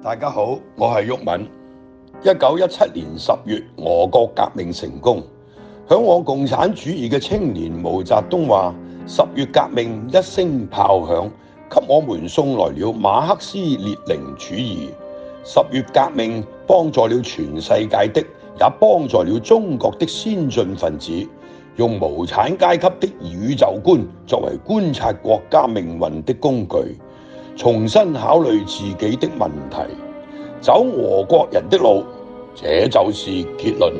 大家好，我係郁敏。一九一七年十月，俄國革命成功。嚮往共產主義嘅青年毛澤東話：十月革命一聲炮響，給我們送來了馬克思列寧主義。十月革命幫助了全世界的，也幫助了中國的先進分子，用無產階級的宇宙觀作為觀察國家命運的工具。重新考慮自己的問題，走俄國人的路，這就是結論。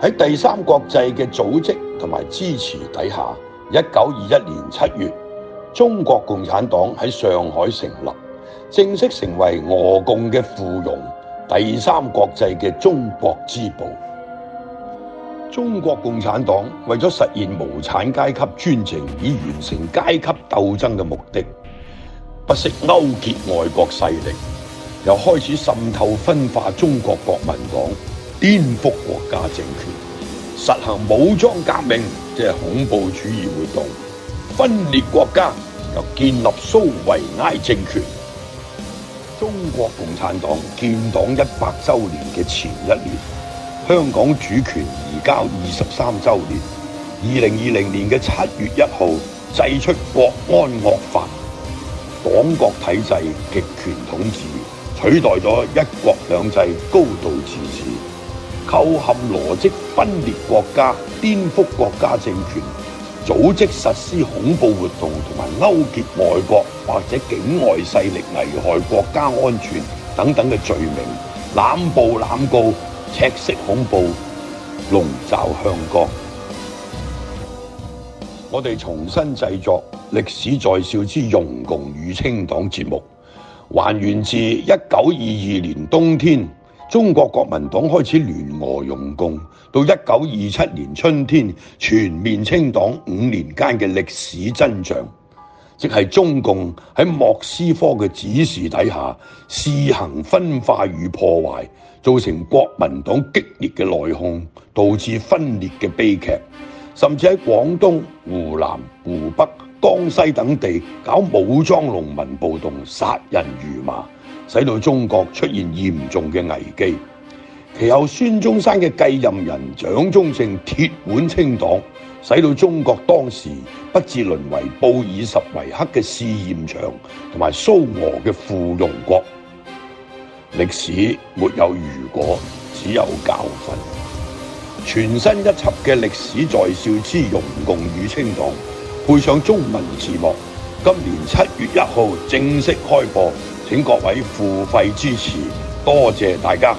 喺第三國際嘅組織同埋支持底下，一九二一年七月，中國共產黨喺上海成立，正式成為俄共嘅附庸，第三國際嘅中國支部。中國共產黨為咗實現無產階級專政與完成階級鬥爭嘅目的。不惜勾結外國勢力，又開始滲透分化中國國民黨，顛覆國家政權，實行武裝革命，即係恐怖主義活動，分裂國家，又建立蘇維埃政權。中國共產黨建黨一百周年嘅前一年，香港主權移交二十三周年，二零二零年嘅七月一號，祭出國安惡法。黨國體制極權統治取代咗一國兩制高度自治，構陷羅織分裂國家、顛覆國家政權、組織實施恐怖活動同埋勾結外國或者境外勢力危害國家安全等等嘅罪名，濫捕濫告、赤色恐怖籠罩香港。我哋重新製作歷史在笑之容共與清黨節目，還原自一九二二年冬天，中國國民黨開始聯俄容共，到一九二七年春天全面清黨五年間嘅歷史真相，即係中共喺莫斯科嘅指示底下試行分化與破壞，造成國民黨激烈嘅內訌，導致分裂嘅悲劇。甚至喺廣東、湖南、湖北、江西等地搞武裝農民暴動，殺人如麻，使到中國出現嚴重嘅危機。其後孫中山嘅繼任人蔣中正鐵腕清黨，使到中國當時不至淪為布爾什維克嘅試驗場同埋蘇俄嘅附庸國。歷史沒有如果，只有教訓。全新一輯嘅《歷史在笑之容共與清黨》，配上中文字幕，今年七月一號正式開播，請各位付費支持，多謝大家。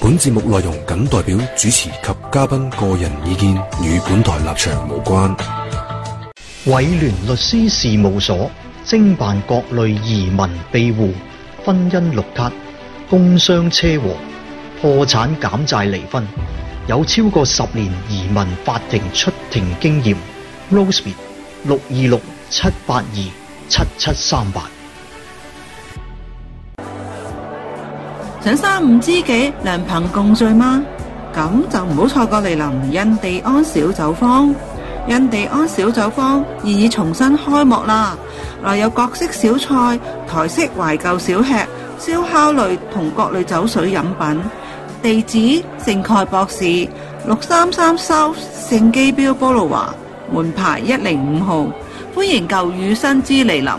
本節目內容僅代表主持及嘉賓個人意見，與本台立場無關。偉聯律師事務所。精辦各類移民庇護、婚姻綠卡、工傷車禍、破產減債、離婚，有超過十年移民法庭出庭經驗。Rosie e 六二六七八二七七三八，想三五知己良朋共聚嗎？咁就唔好錯過嚟臨印第安小酒坊。印第安小酒坊現已重新開幕啦！內有各式小菜、台式懷舊小吃、燒烤類同各類酒水飲品。地址：聖蓋博士六三三收聖基表波魯華門牌一零五號，歡迎舊雨新知嚟臨。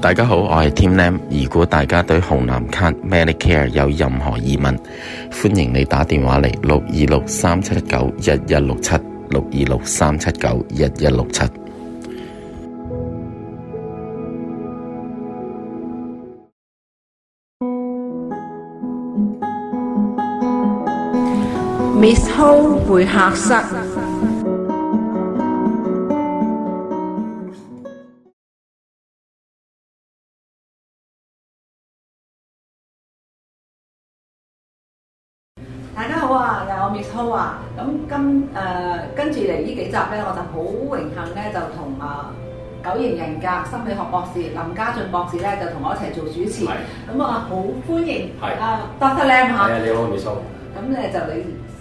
大家好，我係 Tim Lam。如果大家對紅藍卡 Medicare 有任何疑問，歡迎你打電話嚟六二六三七九一一六七，六二六三七九一一六七。Miss Ho 會客室。啊！我米超啊！咁今，誒跟住嚟呢幾集咧，我就好榮幸咧，就同啊九型人格心理學博士林家進博士咧，就同我一齊做主持。咁是啊，好歡迎。係是。啊，Dr. Lam 嚇。係啊，你好，米超，啊。咁咧，就你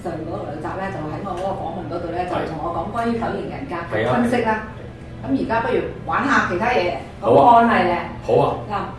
上嗰兩集咧，就喺我嗰個訪問嗰度咧，是就同我講關於九型人格嘅分析啦，啊。咁而家不如玩下其他嘢，好案例咧。好啊。咁。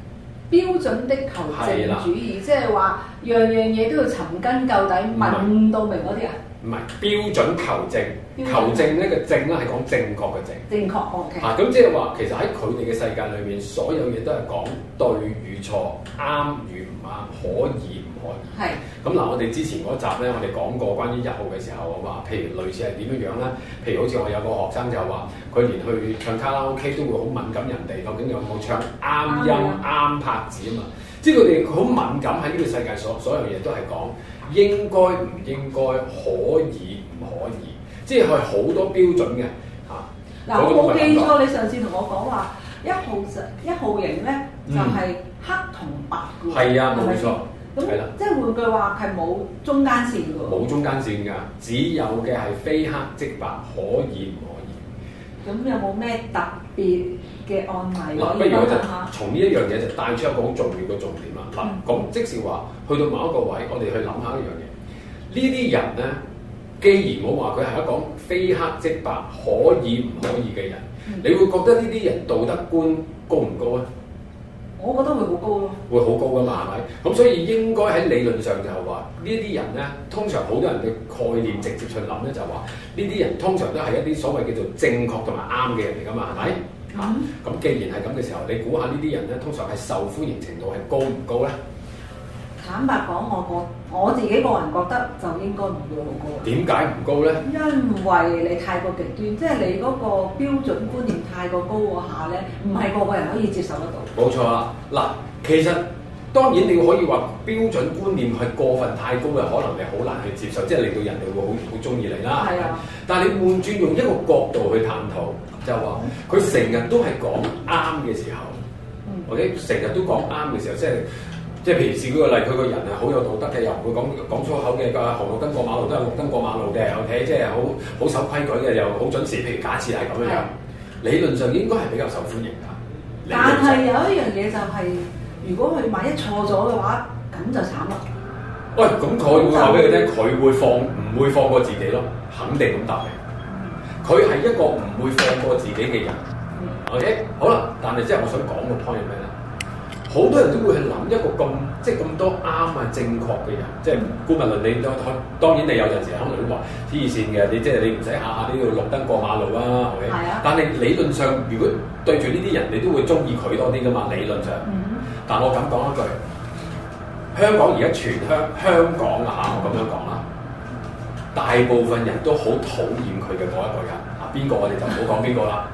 標準的求正主義，的即係話樣樣嘢都要尋根究底，問到明嗰啲啊？唔係標準求正，準求正呢個正咧係講正確嘅正。正確 OK、啊。嚇，咁即係話其實喺佢哋嘅世界裏面，所有嘢都係講對與錯、啱與唔啱、mm hmm. 可以。係。咁嗱，我哋之前嗰集咧，我哋講過關於一號嘅時候，啊嘛，譬如類似係點樣樣咧，譬如好似我有個學生就話，佢連去唱卡拉 OK 都會好敏感人哋，究竟有冇唱啱音啱拍子啊嘛？即係佢哋好敏感喺呢個世界，所所有嘢都係講應該唔應該，可以唔可以，即係佢好多標準嘅嚇。嗱、啊，我冇、嗯嗯、記錯你上次同我講話，一號一號型咧就係黑同白嘅，係啊、嗯，冇錯。係啦，即係換句話係冇中間線噶，冇中間線噶，只有嘅係非黑即白，可以唔可以？咁有冇咩特別嘅案例？嗱那，不如我就從呢一樣嘢，就帶出一個好重要嘅重點啦。嗱、嗯，咁即係話去到某一個位，我哋去諗下一呢樣嘢。呢啲人咧，既然我話佢係一講非黑即白，可以唔可以嘅人，嗯、你會覺得呢啲人道德觀高唔高啊？我覺得會好高咯，會好高噶嘛，係咪？咁所以應該喺理論上就係話，呢啲人咧，通常好多人嘅概念直接去諗咧，就係話呢啲人通常都係一啲所謂叫做正確同埋啱嘅人嚟噶嘛，係咪？嗯、啊，咁既然係咁嘅時候，你估下呢啲人咧，通常係受歡迎程度係高唔高咧？坦白講，我覺我自己個人覺得就應該唔會好高。點解唔高咧？因為你太過極端，即係你嗰個標準觀念太過高個下咧，唔係個個人可以接受得到。冇錯啦。嗱，其實當然你可以話標準觀念係過分太高嘅，可能你好難去接受，即係令到人哋會好好中意你啦。係啊。但係你換轉用一個角度去探討，就係話佢成日都係講啱嘅時候，或者成日都講啱嘅時候，即係。即係平時嗰個例，佢個人係好有道德嘅，又唔會講講粗口嘅。個紅綠燈過馬路都係綠燈過馬路嘅。OK，即係好好守規矩嘅，又好準時。譬如假設係咁樣樣，的理論上應該係比較受歡迎㗎。但係是 有一樣嘢就係、是，如果佢萬一錯咗嘅話，咁就慘啦。喂，咁佢會話俾你聽，佢會放唔會放過自己咯？肯定咁答嘅。佢係、嗯、一個唔會放過自己嘅人。嗯、OK，好啦，但係即係我想講嘅 point 係咩咧？好多人都會去諗一個咁即係咁多啱啊正確嘅人，即係顧問論理多。當然你有陣時可能都話黐線嘅，你即係你唔使下下呢度綠燈過馬路啦，係咪？係啊。但係理論上，如果對住呢啲人，你都會中意佢多啲噶嘛？理論上。嗯、哼但我敢講一句，香港而家全香香港啊嚇，我咁樣講啦，大部分人都好討厭佢嘅嗰一個人啊，邊個我哋就唔好講邊個啦。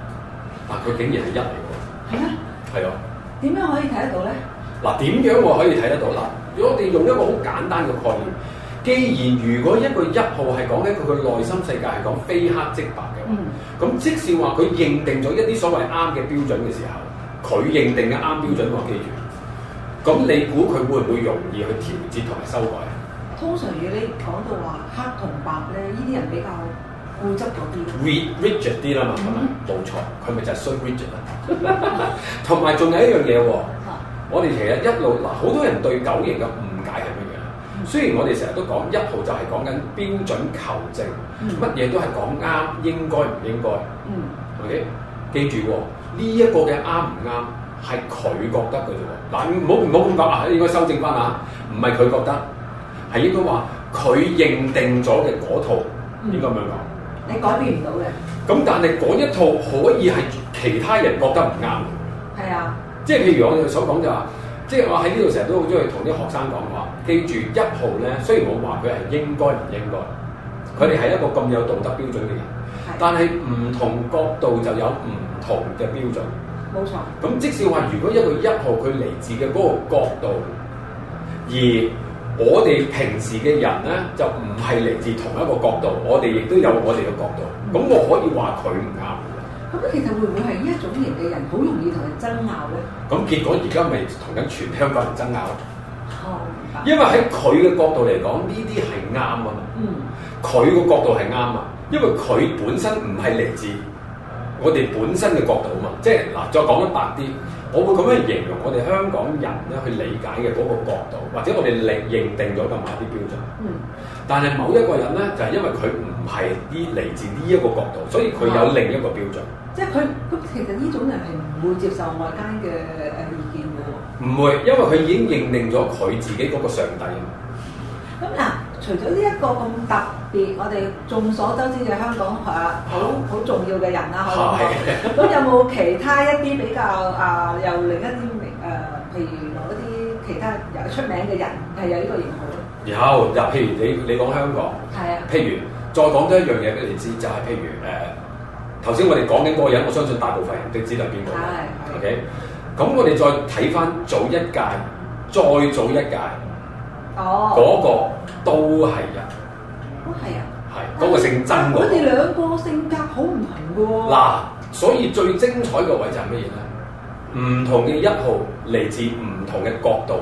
但佢竟然係一嚟喎。係啊？係啊。點樣可以睇得到咧？嗱、啊，點樣我可以睇得到嗱？如、啊、果我哋用一個好簡單嘅概念，既然如果一個一號係講緊佢嘅內心世界係講非黑即白嘅話，咁、嗯、即使話佢認定咗一啲所謂啱嘅標準嘅時候，佢認定嘅啱標準喎，記住。咁、嗯、你估佢會唔會容易去調節同埋修改？通常如果你講到話黑同白咧，呢啲人比較固執啲，rigid 啲啦嘛，係嘛？冇錯，佢咪就係衰 rigid 啦。同埋仲有一樣嘢喎，我哋其實一路嗱，好多人對九型嘅誤解係乜嘢啊？雖然我哋成日都講一號就係講緊標準求正，乜嘢都係講啱應該唔應該，OK？記住呢一個嘅啱唔啱係佢覺得嘅啫喎。嗱，唔好唔好咁講啊，應該修正翻啊，唔係佢覺得係應該話佢認定咗嘅嗰套，應該咁樣講。你改變唔到嘅。咁、嗯、但係嗰一套可以係其他人覺得唔啱。係啊。即係譬如我哋所講就話、是，即係我喺呢度成日都好中意同啲學生講話，記住一號咧，雖然我話佢係應該唔應該，佢哋係一個咁有道德標準嘅人，啊、但係唔同角度就有唔同嘅標準。冇錯。咁即使話，如果一個一號佢嚟自嘅嗰個角度，而……我哋平時嘅人咧，就唔係嚟自同一個角度，我哋亦都有我哋嘅角度。咁、嗯、我可以話佢唔啱。咁其實會唔會係呢一種型嘅人，好容易同人爭拗咧？咁結果而家咪同緊全香港人爭拗。哦，明白。嗯，因為喺佢嘅角度嚟講，呢啲係啱啊嘛。嗯。佢個角度係啱啊，因為佢本身唔係嚟自我哋本身嘅角度啊嘛。即係嗱，再講得白啲。我會咁樣形容我哋香港人咧，去理解嘅嗰個角度，或者我哋認認定咗咁啱啲標準。嗯。但係某一個人咧，就係、係、因為佢唔係啲嚟自呢一個角度，所以佢有另一個標準。嗯、即係佢咁，其實呢種人係唔會接受外間嘅誒意見嘅喎。唔會，因為佢已經認定咗佢自己嗰個上帝。咁嗱、嗯。除咗呢一個咁特別，我哋眾所周知嘅香港啊，好好重要嘅人啦，可咁是的 有冇其他一啲比較啊？又、呃、另一啲名誒，譬如嗰啲其他有出名嘅人係有呢個型號？有，就譬如你你講香港，係啊。譬如再講多一樣嘢俾你知，就係、是、譬如誒，頭先我哋講緊嗰個人，我相信大部分人都知道邊個，係 OK。咁我哋再睇翻早一屆，再早一屆。嗰、哦、個都係人，都係人，係嗰、啊嗰個姓曾嘅、嗰個。佢哋兩個性格好唔同嘅喎。嗱，所以最精彩嘅位就係乜嘢咧？唔同嘅一號嚟自唔同嘅角度。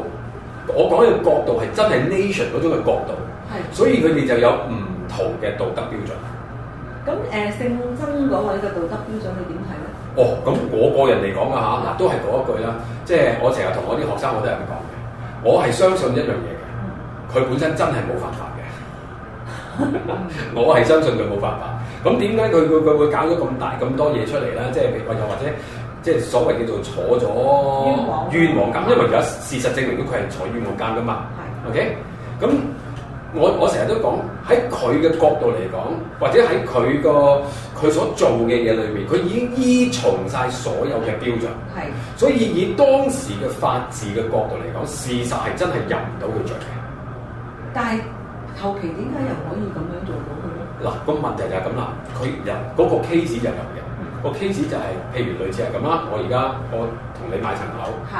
我講嘅角度係真係 nation 嗰種嘅角度，係的。所以佢哋就有唔同嘅道德標準。咁誒、呃，姓曾嗰位嘅道德標準你點睇咧？哦，咁我個人嚟講嘅吓，嗱、啊、都係嗰一句啦。即、就、係、是、我成日同我啲學生我都係咁講嘅。我係相信一樣嘢。佢本身真係冇犯法嘅， 我係相信佢冇犯法。咁點解佢佢佢會搞咗咁大咁多嘢出嚟咧？即係或者或者，即係所謂叫做坐咗冤枉冤枉監，對因為而家事實證明咗佢係坐冤枉監噶嘛。係對，OK。咁我我成日都講喺佢嘅角度嚟講，或者喺佢個佢所做嘅嘢裏面，佢已經依從晒所有嘅標準。係對，所以以當時嘅法治嘅角度嚟講，事實係真係入唔到佢罪嘅。但係後期點解又可以咁樣做嗰個咧？嗱，個問題就係咁啦，佢入嗰個 case、那個、就入、是、嘅，個 case 就係譬如類似係咁啦。我而家我同你買層樓，的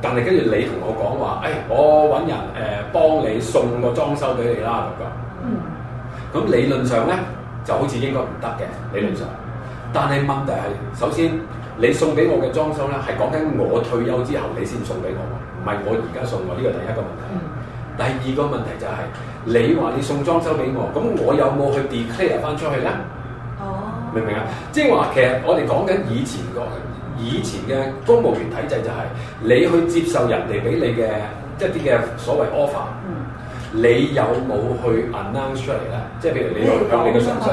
但係跟住你同我講話，誒、哎，我揾人誒、呃、幫你送個裝修俾你啦咁樣。咁、嗯、理論上咧就好似應該唔得嘅理論上，但係問題係首先你送俾我嘅裝修咧，係講緊我退休之後你先送俾我，唔係我而家送我。呢個第一個問題。嗯第二個問題就係、是，你話你送裝修俾我，咁我有冇去 declare 翻出去咧？哦，明唔明啊？即係話其實我哋講緊以前個以前嘅公務員體制就係、是，你去接受人哋俾你嘅一啲嘅所謂 offer，、嗯、你有冇去 announce 出嚟咧？即、就、係、是、譬如你向你嘅上司，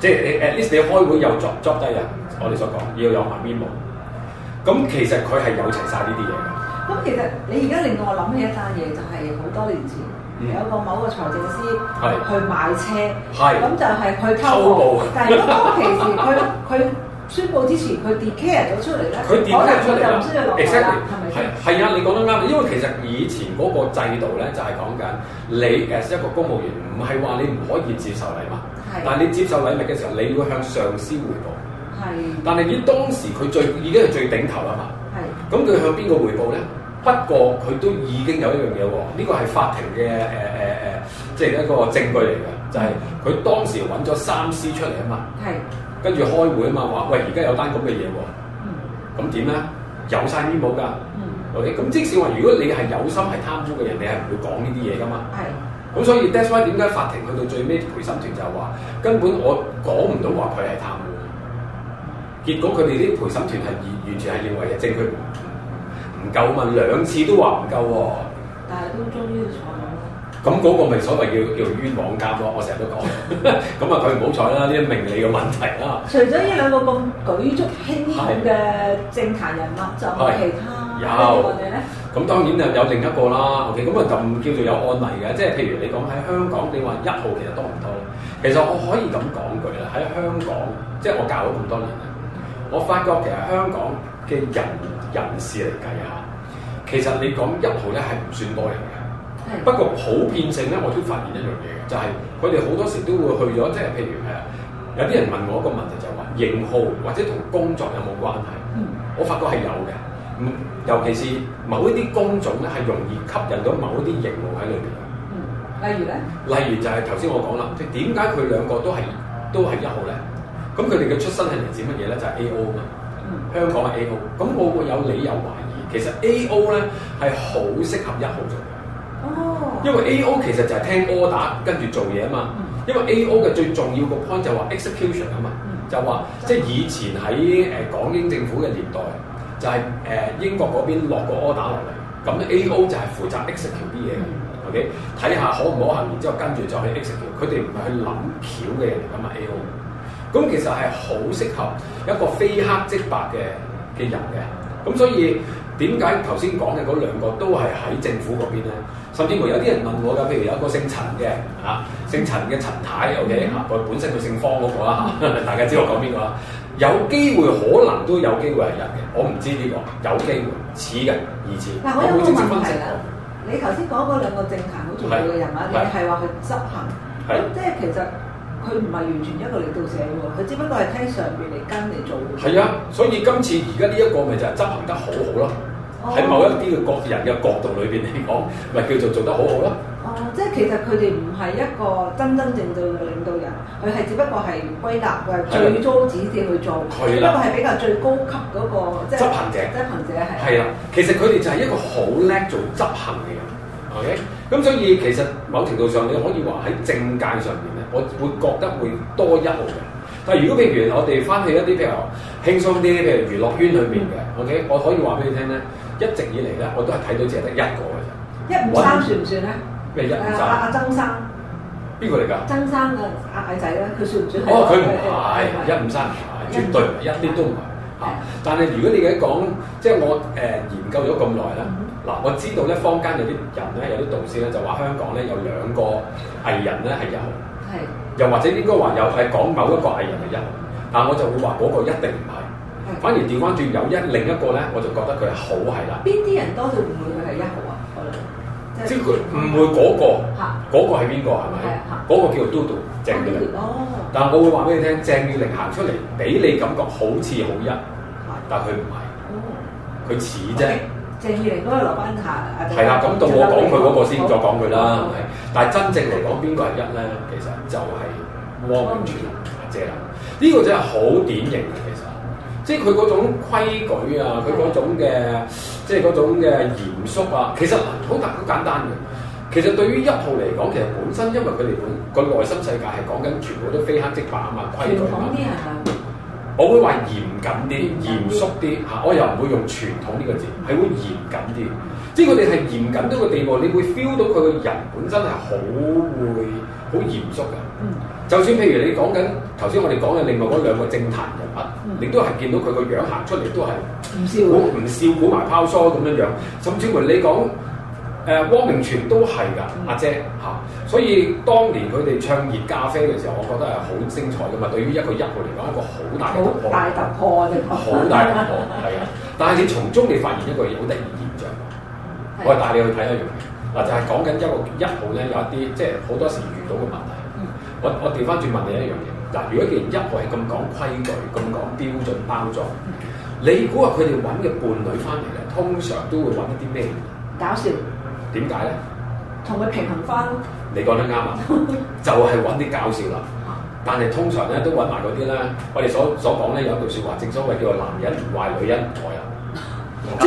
即係你 at least 你開會又 jot jot 低人，我哋所講要有埋 memo，咁其實佢係有齊晒呢啲嘢。咁其實你而家令到我諗起一單嘢，就係好多年前有個某個財政司去買車，咁就係佢偷步。但係當其時佢佢宣佈之前，佢 declare 咗出嚟咧，佢 declare 出嚟就唔需要落嚟係咪？係係啊！你講得啱，因為其實以前嗰個制度咧，就係講緊你誒一個公務員，唔係話你唔可以接受禮物，但係你接受禮物嘅時候，你會向上司回報。係。但係以當時佢最已經係最頂頭啦嘛。係。咁佢向邊個回報咧？不過佢都已經有一樣嘢喎，呢個係法庭嘅誒誒誒，即係一個證據嚟嘅，就係、是、佢當時揾咗三 C 出嚟啊、哎、呀嘛，係，跟住開會啊嘛，話喂而家有單咁嘅嘢喎，咁點咧？有曬呢部㗎，OK，咁即使話如果你係有心係貪污嘅人，你係唔會講呢啲嘢㗎嘛，係、哎呀，咁所以 that's why 點解法庭去到最尾陪審團就話根本我講唔到話佢係貪污，結果佢哋啲陪審團係完完全係認為係證據。唔夠嘛？兩次都話唔夠喎。但係都終於坐穩。咁嗰個咪所謂叫叫冤枉監咯、啊？我成日都講。咁 啊，佢唔好彩啦，啲名利嘅問題啦。除咗呢兩個咁舉足輕重嘅政壇人物，就冇、哎、其他。哎、有。咁當然啊，有另一個啦。OK，咁啊，就叫做有案例嘅，即係譬如你講喺香港，你話一號其實多唔多？其實我可以咁講句啦，喺香港，即係我教咗咁多年啦，我發覺其實香港嘅人，人士嚟計下，其實你講一號咧係唔算多人嘅，的不過普遍性咧我都發現一樣嘢就係佢哋好多時都會去咗，即係譬如誒，有啲人問我一個問題就係話型號或者同工作有冇關係？嗯、我發覺係有嘅，尤其是某一啲工種咧係容易吸引到某一啲型號喺裏邊嘅。嗯，例如咧？例如就係頭先我講啦，點解佢兩個都係都係一號咧？咁佢哋嘅出身係嚟自乜嘢咧？就係 A.O. 啊嘛。香港嘅 AO，咁我會有理由懷疑，其實 AO 咧係好適合一號做嘅，哦，因為 AO 其實就係聽 order 打，跟住做嘢啊嘛，嗯、因為 AO 嘅最重要個 point 就係話 execution 啊嘛，嗯、就話即係以前喺誒、呃、港英政府嘅年代，就係、是、誒、呃、英國嗰邊落個 order 落嚟，咁 AO 就係負責 execute 啲嘢，OK，嘅。睇下可唔可行，然之後跟住就 execute，去 execute，佢哋唔係去諗橋嘅人嚟㗎嘛，AO。嘛嘛。咁其實係好適合一個非黑即白嘅嘅人嘅，咁所以點解頭先講嘅嗰兩個都係喺政府嗰邊咧？甚至乎有啲人問我㗎，譬如有一個姓陳嘅，嚇、啊、姓陳嘅陳太，OK 嚇、啊，佢本身佢姓方嗰、那個啦、啊，大家知我講邊個啊？有機會可能都有機會係人嘅，我唔知呢、這個有機會似嘅，疑似，但我冇直接分析。我有個問題啦，你頭先講嗰兩個政壇好重要嘅人物，你係話佢執行咁，是即係其實。佢唔係完全一個領導者喎，佢只不過係聽上邊嚟跟你做。係啊，所以今次而家呢一個咪就係執行得好好咯。喺某一啲嘅各人嘅角度裏邊嚟講，咪叫做做得好好咯。哦，即係其實佢哋唔係一個真真正正嘅領導人，佢係只不過係歸納嘅最終指示去做。佢啦，一個係比較最高級嗰個即係執行者。執行者係。係啦，其實佢哋就係一個好叻做執行嘅。OK，咁所以其實某程度上你可以話喺政界上面咧，我會覺得會多一號嘅。但係如果譬如我哋翻去一啲譬如輕鬆啲，譬如娛樂圈裏面嘅，OK，我可以話俾你聽咧，一直以嚟咧我都係睇到只係得一個嘅啫。一五三算唔算咧？咩一五三？阿曾生邊個嚟㗎？曾生啊，阿矮仔咧，佢算唔算哦？佢唔係，一五三唔係，絕對一啲都唔係嚇。但係如果你而家講，即係我誒研究咗咁耐咧。我知道咧，坊間有啲人咧，有啲導師咧，就話香港咧有兩個藝人咧係一號，的又或者應該話有係講某一個藝人係一號，但我就會話嗰個一定唔係，的反而調翻轉有一另一個咧，我就覺得佢好係啦。邊啲人多數會唔會佢係一號啊？即係唔會嗰、嗰個，嗰、啊、個係邊個？係咪？嗰、啊啊、個叫做嘟嘟，鄭裕玲哦。但係我會話俾你聽，鄭裕玲行出嚟俾你感覺好似好一，的但係佢唔係，佢似啫。鄭裕玲嚟嗰個劉丹霞係啦，咁、 嗯、到我講佢嗰個先，再講佢啦，係咪？但係真正嚟講，邊個係一咧？其實就係汪明荃阿姐啦。呢、這個真係好典型嘅，其實，即係佢嗰種規矩啊，佢嗰種嘅，嗯、即係嗰種嘅嚴肅啊，其實好大好簡單嘅。其實對於一號嚟講，其實本身因為佢哋本個內心世界係講緊全部都非黑即白啊嘛，規矩。我會話嚴謹啲、嚴肅啲嚇、啊，我又唔會用傳統呢個字，係會嚴謹啲。即係佢哋係嚴謹到個地步，你會 feel 到佢個人本身係好會、好嚴肅嘅。嗯。就算譬如你講緊頭先，我哋講嘅另外嗰兩個政壇人物，嗯、你都係見到佢個樣行出嚟都係唔笑，唔笑，鼓埋泡腮咁樣樣。甚至乎你講。誒、呃、汪明荃都係噶，阿、嗯、姐嚇、啊，所以當年佢哋唱熱咖啡嘅時候，我覺得係好精彩嘅嘛。對於一個一號嚟講，嗯、一個好大嘅突破，大突破好、啊、大突破，係啊！ 但係你從中你發現一個有得意現象，的我帶你去睇一樣嘢嗱，就係講緊一個一號咧，有一啲即係好多時遇到嘅問題。嗯、我我調翻轉問你一樣嘢嗱、啊，如果既然一號係咁講規矩、咁講標準包裝，嗯、你估下佢哋揾嘅伴侶翻嚟咧，通常都會揾一啲咩？搞笑。點解咧？同佢平衡翻，你講得啱啊！ 就係揾啲搞笑啦， 但係通常咧都揾埋嗰啲咧，我哋所所講咧，有句説話，正所謂叫做男人壞女人愛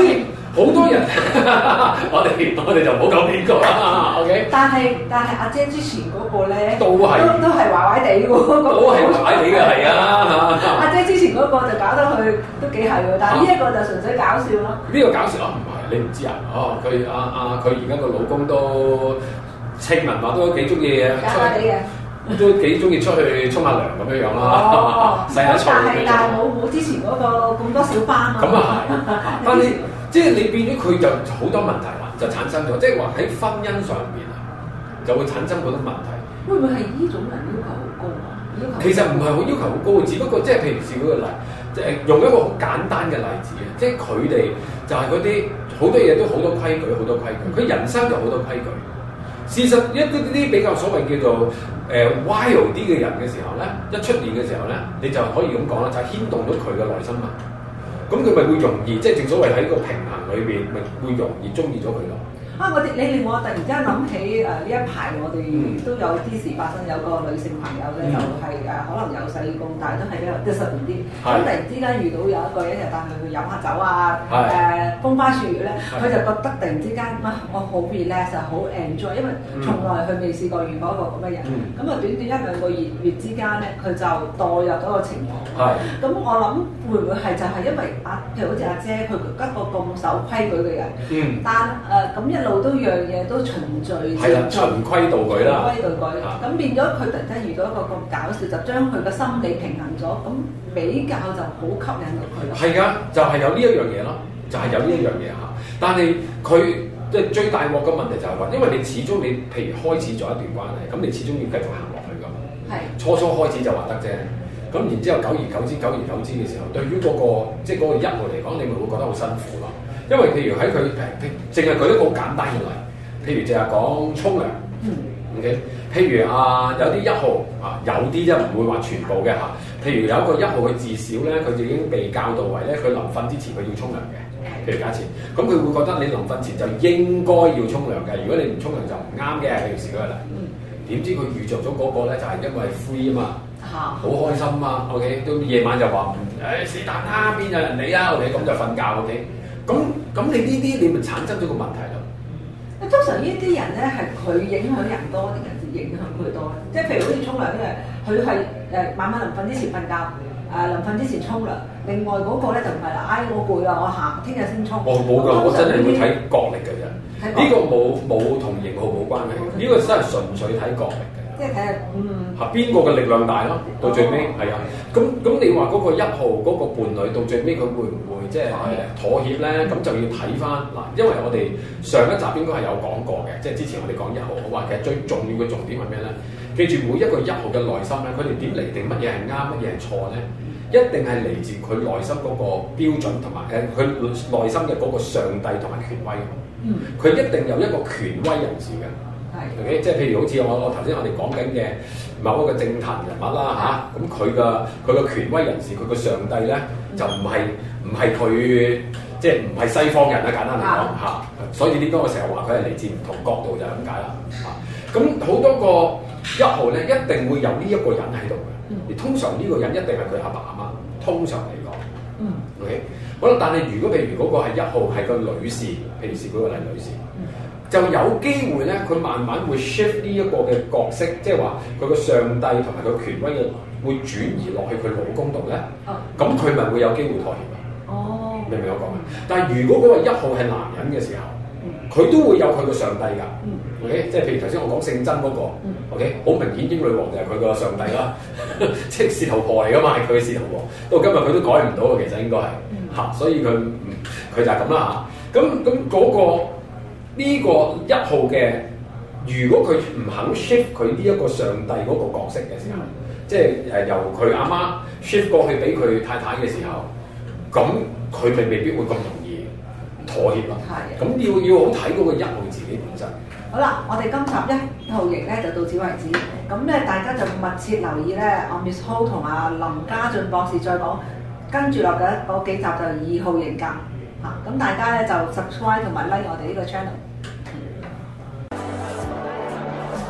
人。 吧好多人，我哋我哋就唔好講邊個啦，OK？但係但係阿姐之前嗰個咧，都都都係壞壞地喎，都係壞壞地嘅係啊！阿姐之前嗰個就搞得佢都幾係喎，但係呢一個就純粹搞笑咯。呢個搞笑啊唔係你唔知啊？哦，佢阿阿佢而家個老公都聽聞話都幾中意，啊，嘅，都幾中意出去沖下涼咁樣樣啦。但係但係我冇之前嗰個咁多小班。咁啊，但係。即係你變咗佢就好多問題，就產生咗。即係話喺婚姻上邊啊，就會產生好多問題。會唔會係呢種人要求好高啊？要求高其實唔係好要求好高嘅，只不過即係譬如是嗰個例，即係用一個好簡單嘅例子啊，即係佢哋就係嗰啲好多嘢都好多規矩，好多規矩。佢人生就好多規矩。事實一啲啲比較所謂叫做誒、呃、wild 啲嘅人嘅時候咧，一出現嘅時候咧，你就可以咁講啦，就牽動到佢嘅內心嘛。咁佢咪會容易，即、就、係、是、正所謂喺個平衡裏邊，咪會容易中意咗佢咯。啊！我哋你哋我突然之間諗起誒呢、呃、一排，我哋都有啲事發生，有個女性朋友咧、就是，就係誒可能有細工，但係都係比較即係十年啲。咁、嗯嗯、突然之間遇到有一個一日帶佢去飲下酒啊，誒風、嗯呃、花雪月咧，佢、嗯、就覺得突然之間啊、嗯，我好 relax 好 enjoy，因為從來佢未試過遇過一個咁嘅人。咁啊、嗯，就短短一兩個月月之間咧，佢就墮入嗰個情況。係、啊。咁我諗。會唔會係就係、是、因為阿譬如好似阿姐佢一個咁守規矩嘅人，嗯、但誒咁、呃、一路都樣嘢都循序漸進，的循規蹈矩啦，循規蹈矩，咁的變咗佢突然間遇到一個咁搞笑，就將佢個心理平衡咗，咁比較就好吸引到佢。係㗎，就係、是、有呢一樣嘢咯，就係、是、有呢一樣嘢嚇。但係佢即係最大鑊嘅問題就係、是、話，因為你始終你譬如開始咗一段關係，咁你始終要繼續行落去㗎嘛。係。初初開始就話得啫。咁然之後，久而久之，久而久之嘅時候，對於嗰個即係嗰個一號嚟講，你咪會覺得好辛苦咯。因為譬如喺佢，淨係舉一個簡單嘅例，譬如淨係講沖涼。嗯。O K。譬如啊，有啲一號啊，有啲啫，唔會話全部嘅嚇。譬如有一個一號，佢至少咧，佢就已經被教導為咧，佢臨瞓之前佢要沖涼嘅。譬如假設，咁佢會覺得你臨瞓前就應該要沖涼嘅。如果你唔沖涼就唔啱嘅，譬如時嗰個例。嗯。點知佢預著咗嗰個咧，就係因為灰啊嘛。好、啊、開心啊！OK，都夜晚就話，誒是但啦，邊、哎啊、有人理啦、啊？我哋咁就瞓覺。OK，咁咁你呢啲你咪產生咗個問題咯。通常呢啲人咧係佢影響人多定係影響佢多？即係譬如好似沖涼，因為佢係誒晚晚臨瞓之前瞓覺，誒臨瞓之前沖涼。另外嗰個咧就唔係啦。哎，我攰、哦、啊，我下聽日先沖。我冇㗎，我真係會睇覺力嘅啫。呢個冇冇同型號冇關係，呢、啊啊、個真係純粹睇覺力嘅。即係睇下，嗯，嚇邊個嘅力量大咯？到最尾係啊，咁咁、哦、你話嗰個一號嗰、嗰個伴侶到最尾佢會唔會即係妥協咧？咁、嗯、就要睇翻嗱，因為我哋上一集應該係有講過嘅，即、就、係、係、之前我哋講一號，我話其實最重要嘅重點係咩咧？記住每一個一號嘅內心咧，佢哋點嚟定乜嘢係啱，乜嘢係錯咧？一定係嚟自佢內心嗰個標準同埋誒佢內心嘅嗰個上帝同埋權威。佢、嗯、一定有一個權威人士嘅。O.K.，即係譬如好似我我頭先我哋講緊嘅某一個政壇人物啦嚇，咁佢嘅佢嘅權威人士，佢嘅上帝咧就唔係唔係佢，即係唔係西方人啦簡單嚟講嚇，所以呢個我成日話佢係嚟自唔同角度就係咁解啦嚇。咁、啊、好、嗯嗯、多個一號咧一定會有呢一個人喺度嘅，而通常呢個人一定係佢阿爸阿媽，媽，通常嚟講。O.K.，好啦、嗯，但係如果譬如嗰個係一號係個女士，譬如是嗰個係女士。就有機會咧，佢慢慢會 shift 呢一個嘅角色，即係話佢個上帝同埋佢權威嘅會轉移落去佢老公度咧。咁佢咪會有機會妥協啊？Oh, uh. 明唔明我講咩？但係如果佢話一號係男人嘅時候，佢都、uh. 會有佢個上帝㗎。OK，即係譬如頭先我講姓曾嗰個，OK，好明顯英女王就係佢個上帝啦，即係事頭婆嚟㗎嘛，佢嘅事頭婆，不過今日佢都改唔到嘅，其實應該係嚇，所以佢佢就係咁啦嚇。咁咁嗰呢個一號嘅，如果佢唔肯 shift 佢呢一個上帝嗰個角色嘅時候，嗯、即係由佢阿媽 shift 過去俾佢太太嘅時候，咁佢咪未必會咁容易妥協咯。咁係要要好睇嗰個一號自己本身。好啦，我哋今集一號型咧就到此為止。咁咧大家就密切留意咧，我 Miss Ho 同阿林家進博士再講，跟住落嘅嗰幾集就係二號型咁嚇。咁大家咧就 subscribe 同埋 like 我哋呢個 channel。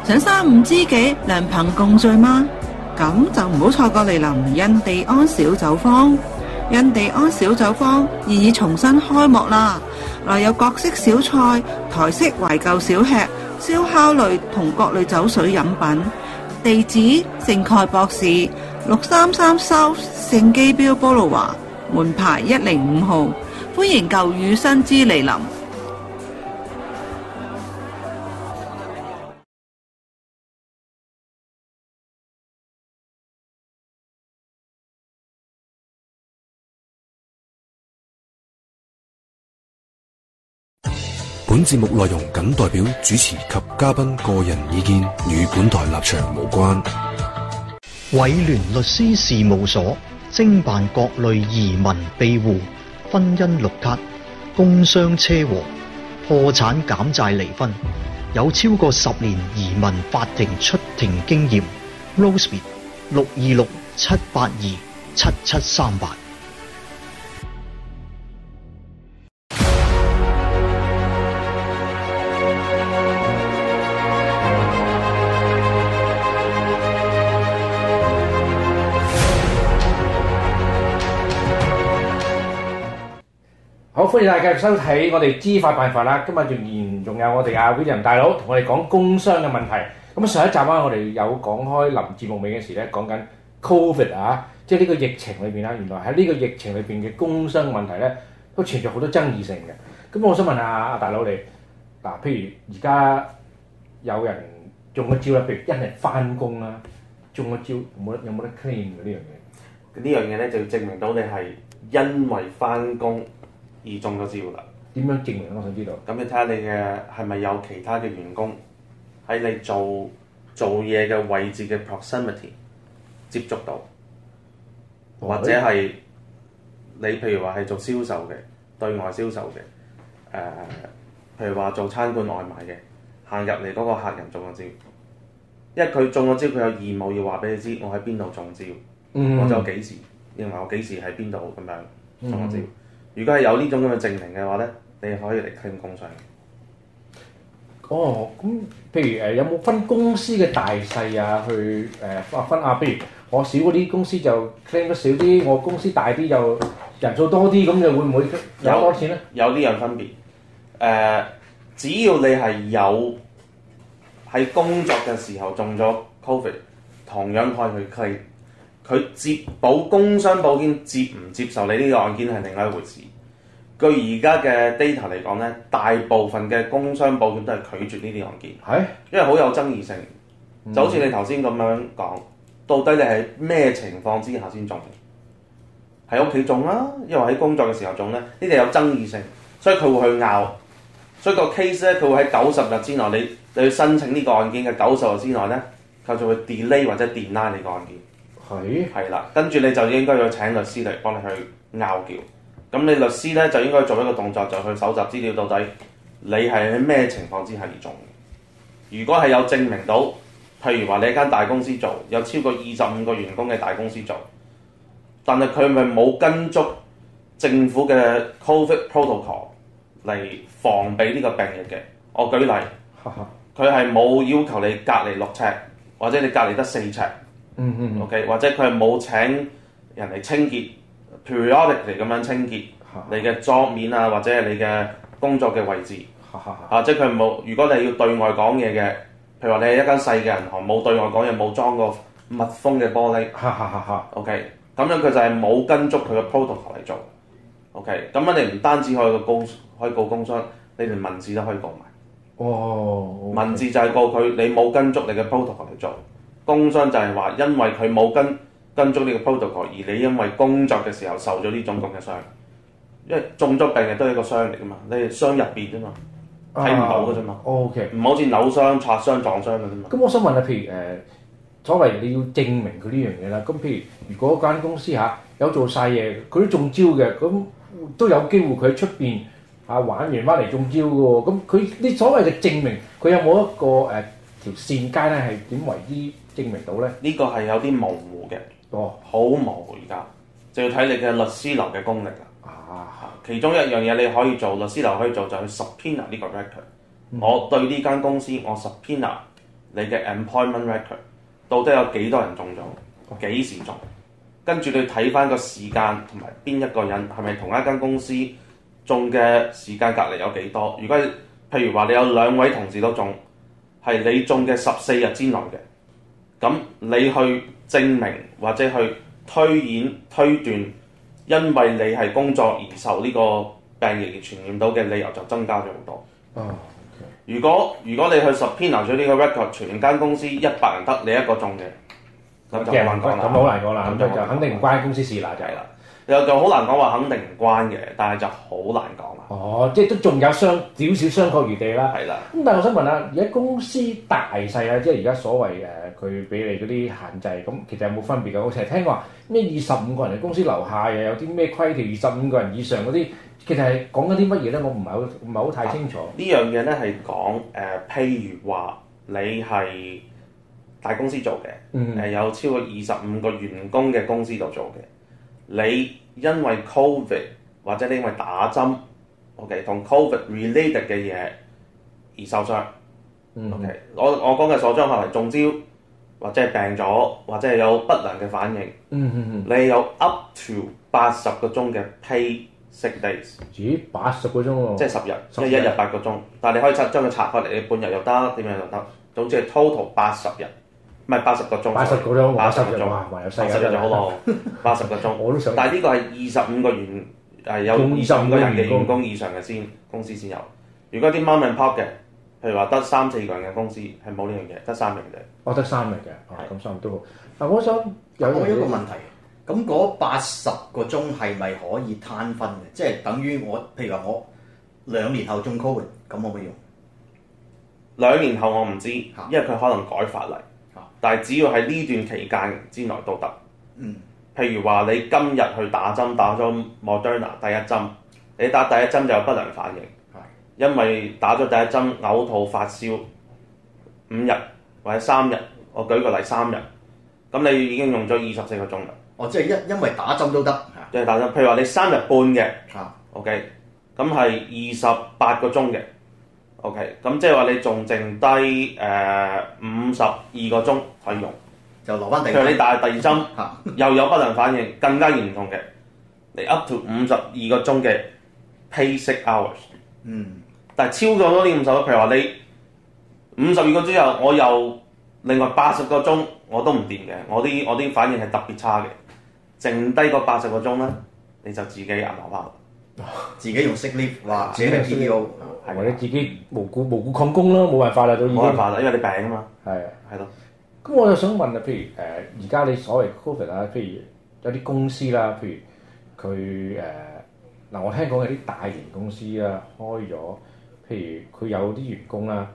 想三五知己良朋共聚嗎？咁就唔好錯過嚟臨印地安小酒坊。印地安小酒坊現已已重新開幕啦！內有各式小菜、台式懷舊小吃、燒烤類同各類酒水飲品。地址：聖蓋博市，六三三 South 聖基標波羅華門牌一零五號，歡迎舊雨新知嚟臨。節目內容僅代表主持及嘉賓個人意見，與本台立場無關。偉聯律師事務所偵辦各類移民庇護、婚姻綠卡、工傷車禍、破產減債離婚，有超過十年移民法庭出庭經驗。Rosemead 六二六七八二七七三八。歡迎大家繼續收睇我哋《知法辦法》啦！今日仍然仲有我哋亞偉人大佬同我哋講工傷嘅問題。咁上一集啊，我哋有講開臨節目尾嘅時咧，講緊 Covid 啊，即係呢個疫情裏邊啦。原來喺呢個疫情裏邊嘅工傷問題咧，都存在好多爭議性嘅。咁我想問下，大佬你嗱，譬如而家有人中咗招啦，譬如一人翻工啦，中咗招，有冇得有冇得 claim 㗎呢樣嘢？呢樣嘢咧就要證明到你係因為翻工。而中咗招啦！點樣證明我想知道。咁你睇下你嘅係咪有其他嘅員工喺你做做嘢嘅位置嘅 proximity 接觸到，或者係嗎你譬如話係做銷售嘅、對外銷售嘅，誒、呃，譬如話做餐館外賣嘅，行入嚟嗰個客人中咗招，因為佢中咗招，佢有義務要話俾你知我喺邊度中招，嗯、我就幾時，認為我幾時喺邊度咁樣中咗招。嗯如果係有呢種咁嘅證明嘅話呢，你可以嚟 claim 工傷。哦，咁譬如、呃、有冇分公司嘅大細啊，去誒、呃、分啊？譬如我小嗰啲公司就 claim 得少啲，我公司大啲就人數多啲，咁嘅會唔會有多錢咧？有呢樣分別。呃、只要你係有喺工作嘅時候中咗 covid，同樣可以去 claim。佢接保工傷保險，接唔接受你呢個案件係另外一回事。據而家嘅 data 嚟講咧，大部分嘅工傷保險都係拒絕呢啲案件，係因為好有爭議性。就好似你頭先咁樣講，嗯、到底你係咩情況之下先中？喺屋企中啦、啊，因為喺工作嘅時候中咧、啊，呢啲有爭議性，所以佢會去拗。所以個 case 咧，佢會喺九十日之內，你你要申請呢個案件嘅九十日之內咧，佢就會 delay 或者 delay 你個案件。係，係啦是，跟住你就應該要請律師嚟幫你去拗撬，咁你律師咧就應該做一個動作，就去搜集資料，到底你係喺咩情況之下要做？如果係有證明到，譬如話你一間大公司做，有超過二十五個員工嘅大公司做，但係佢咪冇跟足政府嘅 COVID protocol 嚟防備呢個病疫嘅？我舉例，佢係冇要求你隔離六尺，或者你隔離得四尺。嗯嗯，OK，或者佢係冇請人嚟清潔 periodically 咁樣清潔你嘅桌面啊，或者係你嘅工作嘅位置，啊，即係佢冇。如果你係要對外講嘢嘅，譬如話你係一間細嘅銀行，冇對外講嘢，冇裝個密封嘅玻璃 ，OK，哈哈咁樣佢就係冇跟足佢嘅 protocol 嚟做，OK，咁樣你唔單止可以告公，可以告工商，你連文字都可以告埋。哇！Wow, okay. 文字就係告佢你冇跟足你嘅 protocol 嚟做。工傷就係話，因為佢冇跟跟足呢個 protocol，而你因為工作嘅時候受咗呢種咁嘅傷，因為中咗病嘅都係一個傷嚟噶嘛，你係傷入邊啫嘛，睇唔、啊、到嘅啫嘛。O K，唔好似扭傷、擦傷、撞傷嘅啫嘛。咁我想問下，譬如誒、呃，所謂你要證明佢呢樣嘢啦，咁譬如如果間公司嚇有做晒嘢，佢都中招嘅，咁都有機會佢喺出邊嚇玩完翻嚟中招嘅喎，咁佢呢所謂嘅證明，佢有冇一個誒、呃、條線街咧係點為之？證明到咧？呢個係有啲模糊嘅，哦，好模糊而家，就要睇你嘅律師樓嘅功力啦。啊，其中一樣嘢你可以做，律師樓可以做就係、是、subpoena 呢個 record。嗯、我對呢間公司，我 subpoena 你嘅 employment record，到底有幾多人中咗？幾時中？Oh. 跟住你睇翻個時間同埋邊一個人係咪同一間公司中嘅時間隔離有幾多？如果譬如話你有兩位同事都中，係你中嘅十四日之內嘅。咁你去證明或者去推演推斷，因為你係工作而受呢個病原傳染到嘅理由就增加咗好多。哦，okay. 如果如果你去十批漏咗呢個 record，全間公司一百人得你一個中嘅，咁 Okay, 就好難講啦。咁就，就肯定唔關公司事啦、就係。就好難講話肯定唔關嘅，但係就好難講啦。哦，即係都仲有商少少商榷餘地啦。係啦的。咁但係我想問下，而家公司大細啊，即係而家所謂誒佢俾你嗰啲限制，咁其實有冇分別嘅？我成日聽話咩二十五個人嘅公司樓下嘅有啲咩規條，二十五個人以上嗰啲，其實係講緊啲乜嘢咧？我唔係好唔係好太清楚。呢樣嘢咧係講誒，譬如話你係大公司做嘅，誒、嗯、有超過二十五個員工嘅公司度做嘅，你因為 covid 或者你因為打針，OK，同 covid related 嘅嘢而受傷，mm hmm.，OK，我我講嘅所傷係咪中招或者係病咗或者係有不良嘅反應。Mm hmm. 你有 up to 八十個鐘嘅 pay sick days。咦？八十個鐘喎。即係十日，日即係一日八個鐘，但係你可以拆將佢拆開嚟，你半日又得，點樣又得，總之係 total 八十日。唔係八十個鐘，八十個鐘，八十個鐘，八十日就好咯。八十個鐘，我都想。但係呢個係二十五個員，係有二十五個人嘅員工以上嘅先，公司先有。如果啲 mom and pop 嘅，譬如話得三四個人嘅公司，係冇呢樣嘢，得三名嘅。我得三名嘅，咁，三人都。嗱，我想講一個問題，咁嗰八十個鐘係咪可以攤分嘅？即係等於我，譬如話我兩年後中 Covid，咁我咪用。兩年後我唔知，因為佢可能改法例。但係只要喺呢段期間之內都得，嗯，譬如話你今日去打針打咗 Moderna，第一針，你打第一針就有不良反應，係的，因為打咗第一針嘔吐發燒五日或者三日，我舉個例三日，咁你已經用咗二十四個鐘啦。哦，即係因因為打針都得，即係打針，譬如話你三日半嘅，啊的，OK，咁係二十八個鐘嘅。O.K. 咁即係話你仲剩低誒五十二個鐘可以用，就留翻定。譬如你打第二針， 又有不良反應，更加嚴重嘅，你 up to 五十二個鐘嘅 pace hours。嗯。但係超過多啲五十二，譬如話你五十二個鐘之後，我又另外八十個鐘我都唔掂嘅，我啲我啲反應係特別差嘅，剩低嗰八十個鐘咧，你就自己揞荷包。自己用 sick leave，哇！自己唔需要，或者自己無故的無故曠工啦，冇辦法啦，都已經冇辦法啦，因為你病啊嘛。係係咯。咁的我就想問啊，譬如誒，而、呃、家你所謂 covid 啦，譬如有啲公司啦，譬如佢誒嗱，我聽講有啲大型公司啦，開咗，譬如佢有啲員工啦，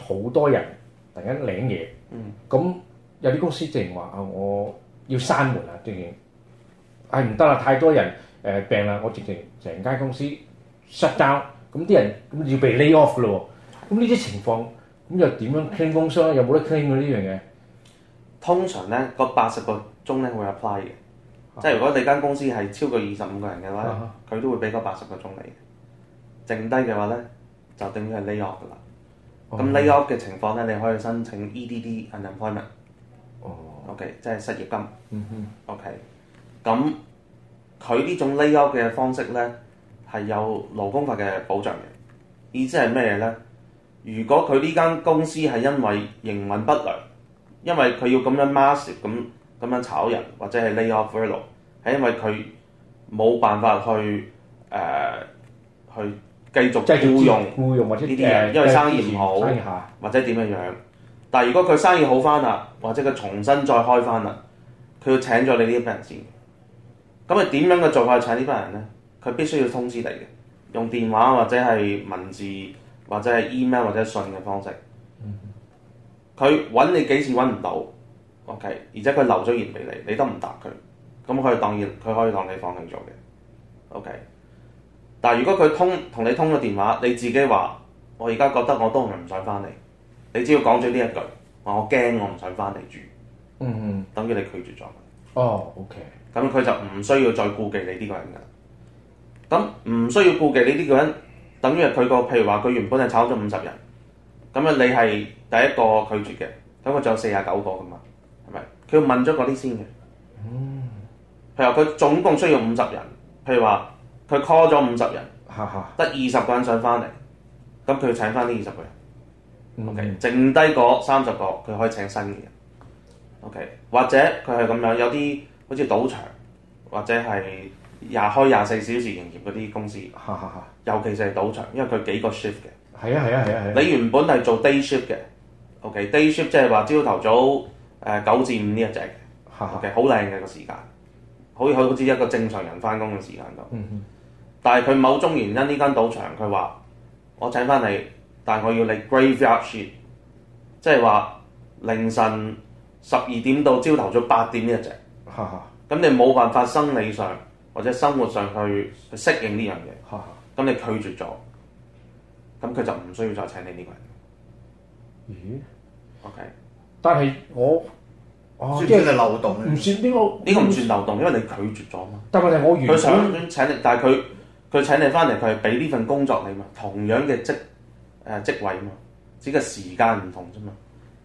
好多人突然間領嘢，咁、嗯、有啲公司直情話啊，我要閂門啦，直情係唔得啦，太多人。誒病啦，我直情成間公司 shut down，咁啲人咁要被 lay off 咯喎，咁呢啲情況咁又點樣 claim 工傷？a 有冇得 claim 到呢樣嘢？通常咧個八十個鐘咧會 apply 嘅，啊、即係如果你間公司係超過二十五個人嘅話佢、啊、哈都會俾個八十個鐘你，剩低嘅話咧就等於係 lay off 噶啦。咁、嗯、哼 lay off 嘅情況咧，你可以申請 EDD unemployment，OK，嗯哼 okay，哦即係失業金。嗯哼 OK，咁。佢呢種 lay off 嘅方式咧，係有勞工法嘅保障嘅。意思係咩咧？如果佢呢間公司係因為營運不良，因為佢要咁樣 massive 咁咁樣，樣炒人，或者係 lay off worker，係因為佢冇辦法去誒、呃、去繼續僱用呢啲人，因為生意唔好，或者點樣樣。但係如果佢生意好翻啦，或者佢重新再開翻啦，佢要請咗你呢一批人先。咁佢點樣嘅做法去請呢班人咧？佢必須要通知你嘅，用電話或者係文字或者係 email 或者信嘅方式。佢揾、嗯、你幾次揾唔到，OK，而且佢留咗言俾你，你都唔答佢，咁佢當然佢可以當你放棄做嘅，OK。但係如果佢通同你通咗電話，你自己話我而家覺得我都係唔想翻嚟，你只要講咗呢一句話，我驚我唔想翻嚟住，嗯嗯，等於你拒絕咗。哦，OK。咁佢就唔需要再顧忌你呢個人㗎。咁唔需要顧忌你呢個人，等於佢個譬如話，佢原本係炒咗五十人，咁啊，你係第一個拒絕嘅，咁佢仲有四十九個㗎嘛？係咪？佢要問咗嗰啲先嘅。嗯。譬如話，佢總共需要五十人，譬如話，佢 call 咗五十人，嚇嚇，得二十個人想翻嚟，咁佢要請翻呢二十個人。OK，剩低嗰三十個，佢可以請新嘅人。OK，或者佢係咁樣有啲。好似賭場或者係廿開廿四小時營業嗰啲公司， 尤其是係賭場，因為佢幾個 shift 嘅。係啊係啊係啊！你原本係做 day shift 嘅，OK？day、okay? shift 即係話朝頭早誒九至五呢、這個 okay? 一隻，OK？好靚嘅個時間，好好似一個正常人翻工嘅時間咁。 但係佢某種原因呢間賭場，佢話我請翻你，但係我要你 graveyard shift，即係話凌晨十二點到朝頭早八點呢一隻。吓吓，咁你冇辦法生理上或者生活上去適應呢樣嘢，吓吓，咁你拒絕咗，咁佢就唔需要再請你呢個人。咦？OK，但係我，即係漏洞，唔算，算呢、啊、個呢個唔算漏洞，因為你拒絕咗嘛。但係我，佢想請你，但係佢佢請你翻嚟，佢係俾呢份工作你嘛，同樣嘅職誒、呃、職位嘛，只係時間唔同啫嘛，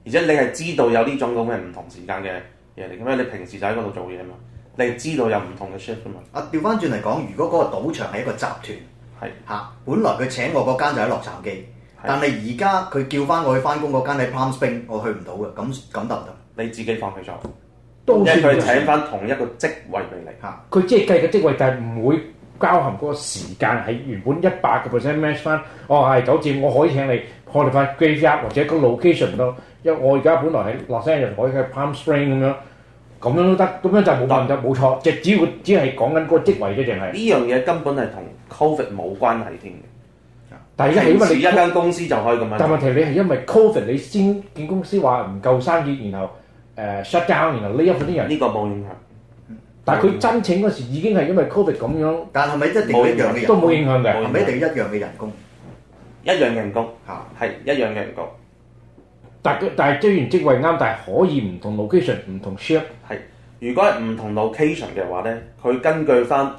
而且你係知道有呢種咁嘅唔同時間嘅。因為你平時就喺嗰度做嘢嘛，你知道有唔同嘅 shift 嘛。啊，調翻轉嚟講，如果嗰個賭場係一個集團，係嚇的，本來佢請我嗰間就喺洛杉磯，的但係而家佢叫翻我去翻工嗰間喺 Palm Spring，我去唔到嘅，咁咁得唔得？行行你自己放棄咗，都算係請翻同一個職位俾你嚇。佢即係計個職位，就係唔會交含嗰個時間喺原本一百個 percent match 翻。哦，係酒店，我可以請你 qualified 或者個 location 咯，因為我而家本來係洛杉磯，可以喺 Palm Spring 咁樣。咁樣都得，咁樣就冇辦法，冇錯，即係只要只係講緊嗰個職位嘅定係呢樣嘢根本係同 covid 冇關係添嘅。但而家係因為一間公司就可以咁樣，但問題你係因為 covid 你先見公司話唔夠生意，然後誒 shut down，然後呢咗啲人，呢個冇影響。但佢申請嗰時已經係因為 covid 咁樣，但係咪一定一樣嘅人工？都冇影響嘅，係咪一定一樣嘅人工？一樣嘅人工嚇，係一樣嘅人工。但係，但係雖然職位啱，但係可以唔同 location，唔同 share 係。如果係唔同 location 嘅話咧，佢根據翻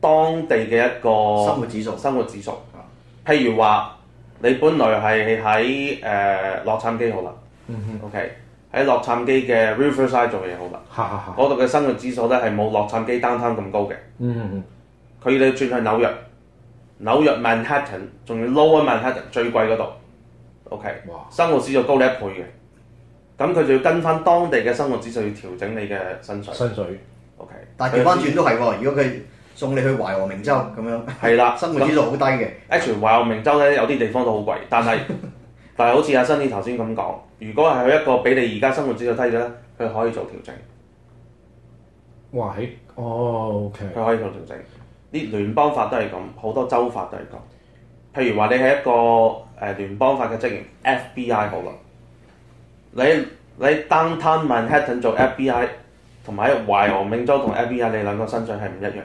當地嘅一個生活指數。生活指數。譬如話，你本來係喺誒洛杉磯好啦，嗯嗯哼，OK，喺洛杉磯嘅 Riverside 做嘢好啦，嚇嗰度嘅生活指數咧係冇洛杉磯 Downtown 咁高嘅。嗯嗯哼嗯，佢哋轉去紐約，紐約曼哈頓仲要 Lower Manhattan 最貴嗰度。O K，生活指數高你一倍嘅，咁佢就要跟翻當地嘅生活指數去調整你嘅薪水。薪水，O K。但係調翻轉都係喎，如果佢送你去懷俄明州咁樣。係啦，生活指數好低嘅。H 懷俄明州咧，有啲地方都好貴，但係但係好似阿辛呢頭先咁講，如果係去一個比你而家生活指數低嘅咧，佢可以做調整。哇！哦，O K，佢可以做調整。啲聯邦法都係咁，好多州法都係咁。譬如話，你係一個。誒聯邦法嘅職員，FBI 好啦。你你 Downtown Manhattan 做 FBI，同埋喺懷俄明州同 FBI，你兩個身上係唔一樣嘅。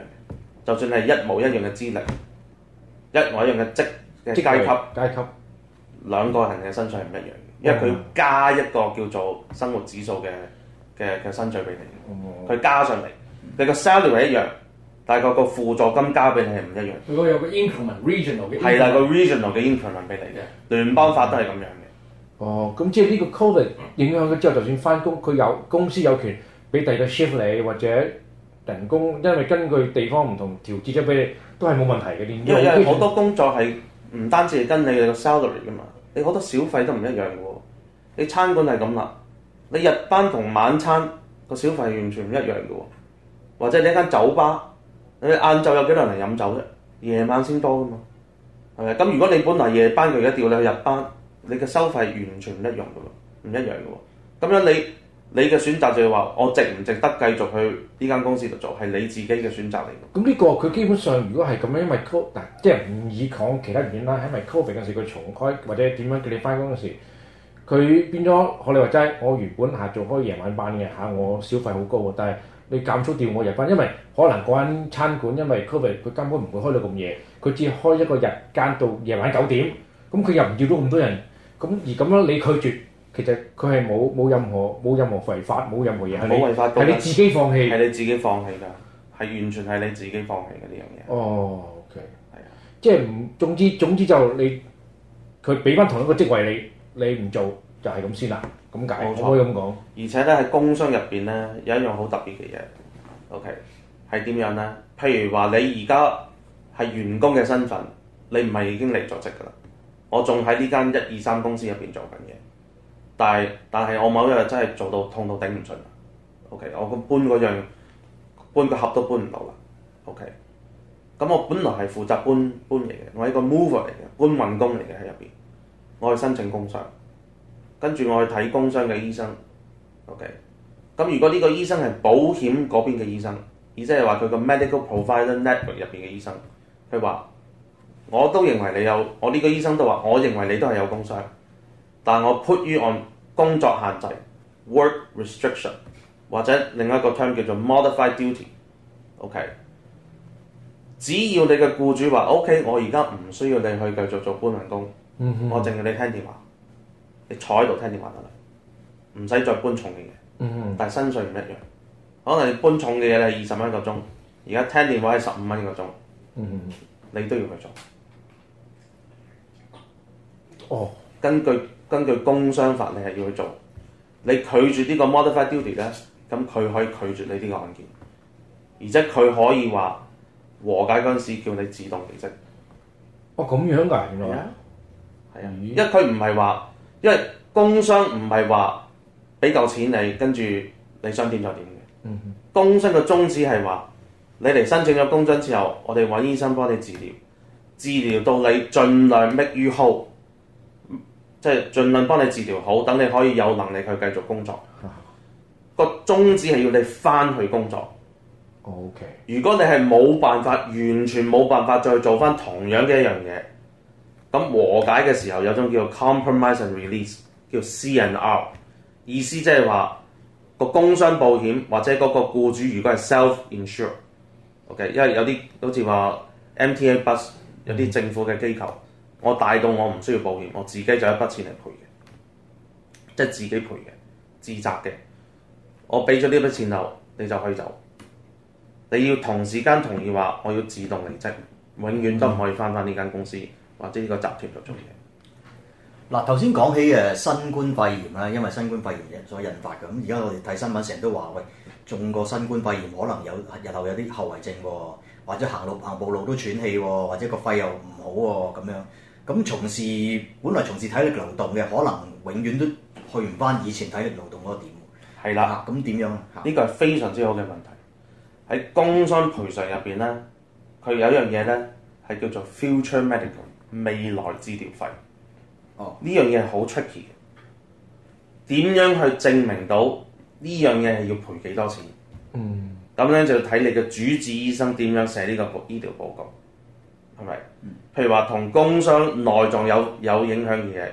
就算係一模一樣嘅資歷，一模一樣嘅職嘅階級，階級，階級兩個人嘅身上係唔一樣嘅，因為佢加一個叫做生活指數嘅嘅嘅薪水俾你。佢、嗯、加上嚟，你個 salary 一樣。大概個輔助金交俾你係唔一樣。佢個有 inc inc 個 reg increment regional 嘅。係啦、嗯，個 regional 嘅 increment 俾你嘅，聯邦法都係咁樣嘅。哦，咁即係呢個 COVID 影響咗之後，就算翻工，佢有公司有權俾第二個 shift 你，或者人工，因為根據地方唔同調節咗俾你，都係冇問題嘅。因為好多工作係唔單止係跟你嘅 salary 㗎嘛，你好多小費都唔一樣嘅喎。你餐館係咁啦，你日班同晚餐個小費係完全唔一樣嘅喎，或者你一間酒吧。你晏晝有幾多人嚟飲酒啫？夜晚先多噶嘛，係咪？咁如果你本嚟夜班佢而家調你去日班，你嘅收費完全唔一樣噶喎，唔一樣噶喎。咁樣你你嘅選擇就係話，我值唔值得繼續去呢間公司度做，係你自己嘅選擇嚟。咁呢個佢基本上，如果係咁樣，因為 co 即係唔以講其他原因啦，因為 covid 時佢重開或者點樣叫你翻工嗰時，佢變咗，我你話齋，我原本下做開夜晚班嘅嚇，我消費好高嘅，但係。你減租掉我入班，因為可能嗰間餐館因為 COVID，佢根本唔會開到咁夜，佢只開一個日間到夜晚九點，咁佢又唔叫到咁多人，咁而咁樣你拒絕，其實佢係冇冇任何冇任何違法，冇任何嘢，係你係你自己放棄，係你自己放棄㗎，係完全係你自己放棄嘅呢樣嘢。哦，OK，係啊，即係唔，總之總之就你佢俾翻同一個職位你，你唔做。就係咁先啦，咁解冇錯，我可以咁講。而且咧，喺工傷入邊咧，有一樣好特別嘅嘢，O K 係點樣咧？譬如話你而家係員工嘅身份，你唔係已經離咗職噶啦，我仲喺呢間一二三公司入邊做緊嘢，但係但係我某一日真係做到痛到頂唔順。O K，我咁搬嗰樣搬個盒都搬唔到啦。O K，咁我本來係負責搬搬嚟嘅，我係一個 mover 嚟嘅，搬運工嚟嘅喺入邊，我去申請工傷。跟住我去睇工傷嘅醫生，OK。咁如果呢個醫生係保險嗰邊嘅醫生，意思係話佢個 medical provider network 入邊嘅醫生，佢話我都認為你有，我呢個醫生都話，我認為你都係有工傷，但我 put you on 工作限制 （work restriction） 或者另一個 term 叫做 modified duty，OK。只要你嘅雇主話 OK，我而家唔需要你去繼續做搬運工，嗯、哼我淨要你聽電話。你坐喺度聽電話得啦，唔使再搬重嘅嘢，嗯嗯，但係薪水唔一樣。可能你搬重嘅嘢係二十蚊一個鐘，而家聽電話係十五蚊一個鐘，嗯嗯，你都要去做。哦，根據根據工商法，你係要去做。你拒絕呢個 modified duty 咧，咁佢可以拒絕你呢個案件，而且佢可以話和解嗰陣時叫你自動離職。哦，咁樣㗎、啊，原來係啊，啊因為佢唔係話。因為工傷唔係話俾夠錢你跟住你想點就點嘅，嗯、哼工傷嘅宗旨係話你嚟申請咗工傷之後，我哋揾醫生幫你治療，治療到你儘量彌於好，即係儘量幫你治療好，等你可以有能力去繼續工作。個、啊、宗旨係要你翻去工作。OK，如果你係冇辦法，完全冇辦法再做翻同樣嘅一樣嘢。咁和解嘅時候有種叫 compromise and release，叫 C and R，意思即係話個工傷保險或者嗰個僱主如果係 self insure，OK，因為有啲好似話 MTA bus 有啲政府嘅機構，我大到我唔需要保險，我自己就有一筆錢嚟賠嘅，即係自己賠嘅，自責嘅，我俾咗呢筆錢後，你就可以走，你要同時間同意話我要自動離職，永遠都唔可以翻翻呢間公司。或者呢個集團做咗嘢嗱，頭先講起誒新冠肺炎啦，因為新冠肺炎嘢所引發嘅咁。而家我哋睇新聞，成日都話喂，中過新冠肺炎可能有日後有啲後遺症喎，或者行路行步路都喘氣喎，或者個肺又唔好喎咁樣。咁從事本來從事體力勞動嘅，可能永遠都去唔翻以前體力勞動嗰個點。係啦的，咁點、啊、樣呢？呢個係非常之好嘅問題喺工傷賠償入邊咧，佢有一樣嘢咧係叫做 future medical。未來治療費，呢、oh. 樣嘢係好 tricky 嘅。點樣去證明到呢樣嘢係要賠幾多錢？嗯，咁咧就要睇你嘅主治醫生點樣寫呢個醫療報告，係咪？Mm. 譬如話同工傷內臟有有影響嘅嘢，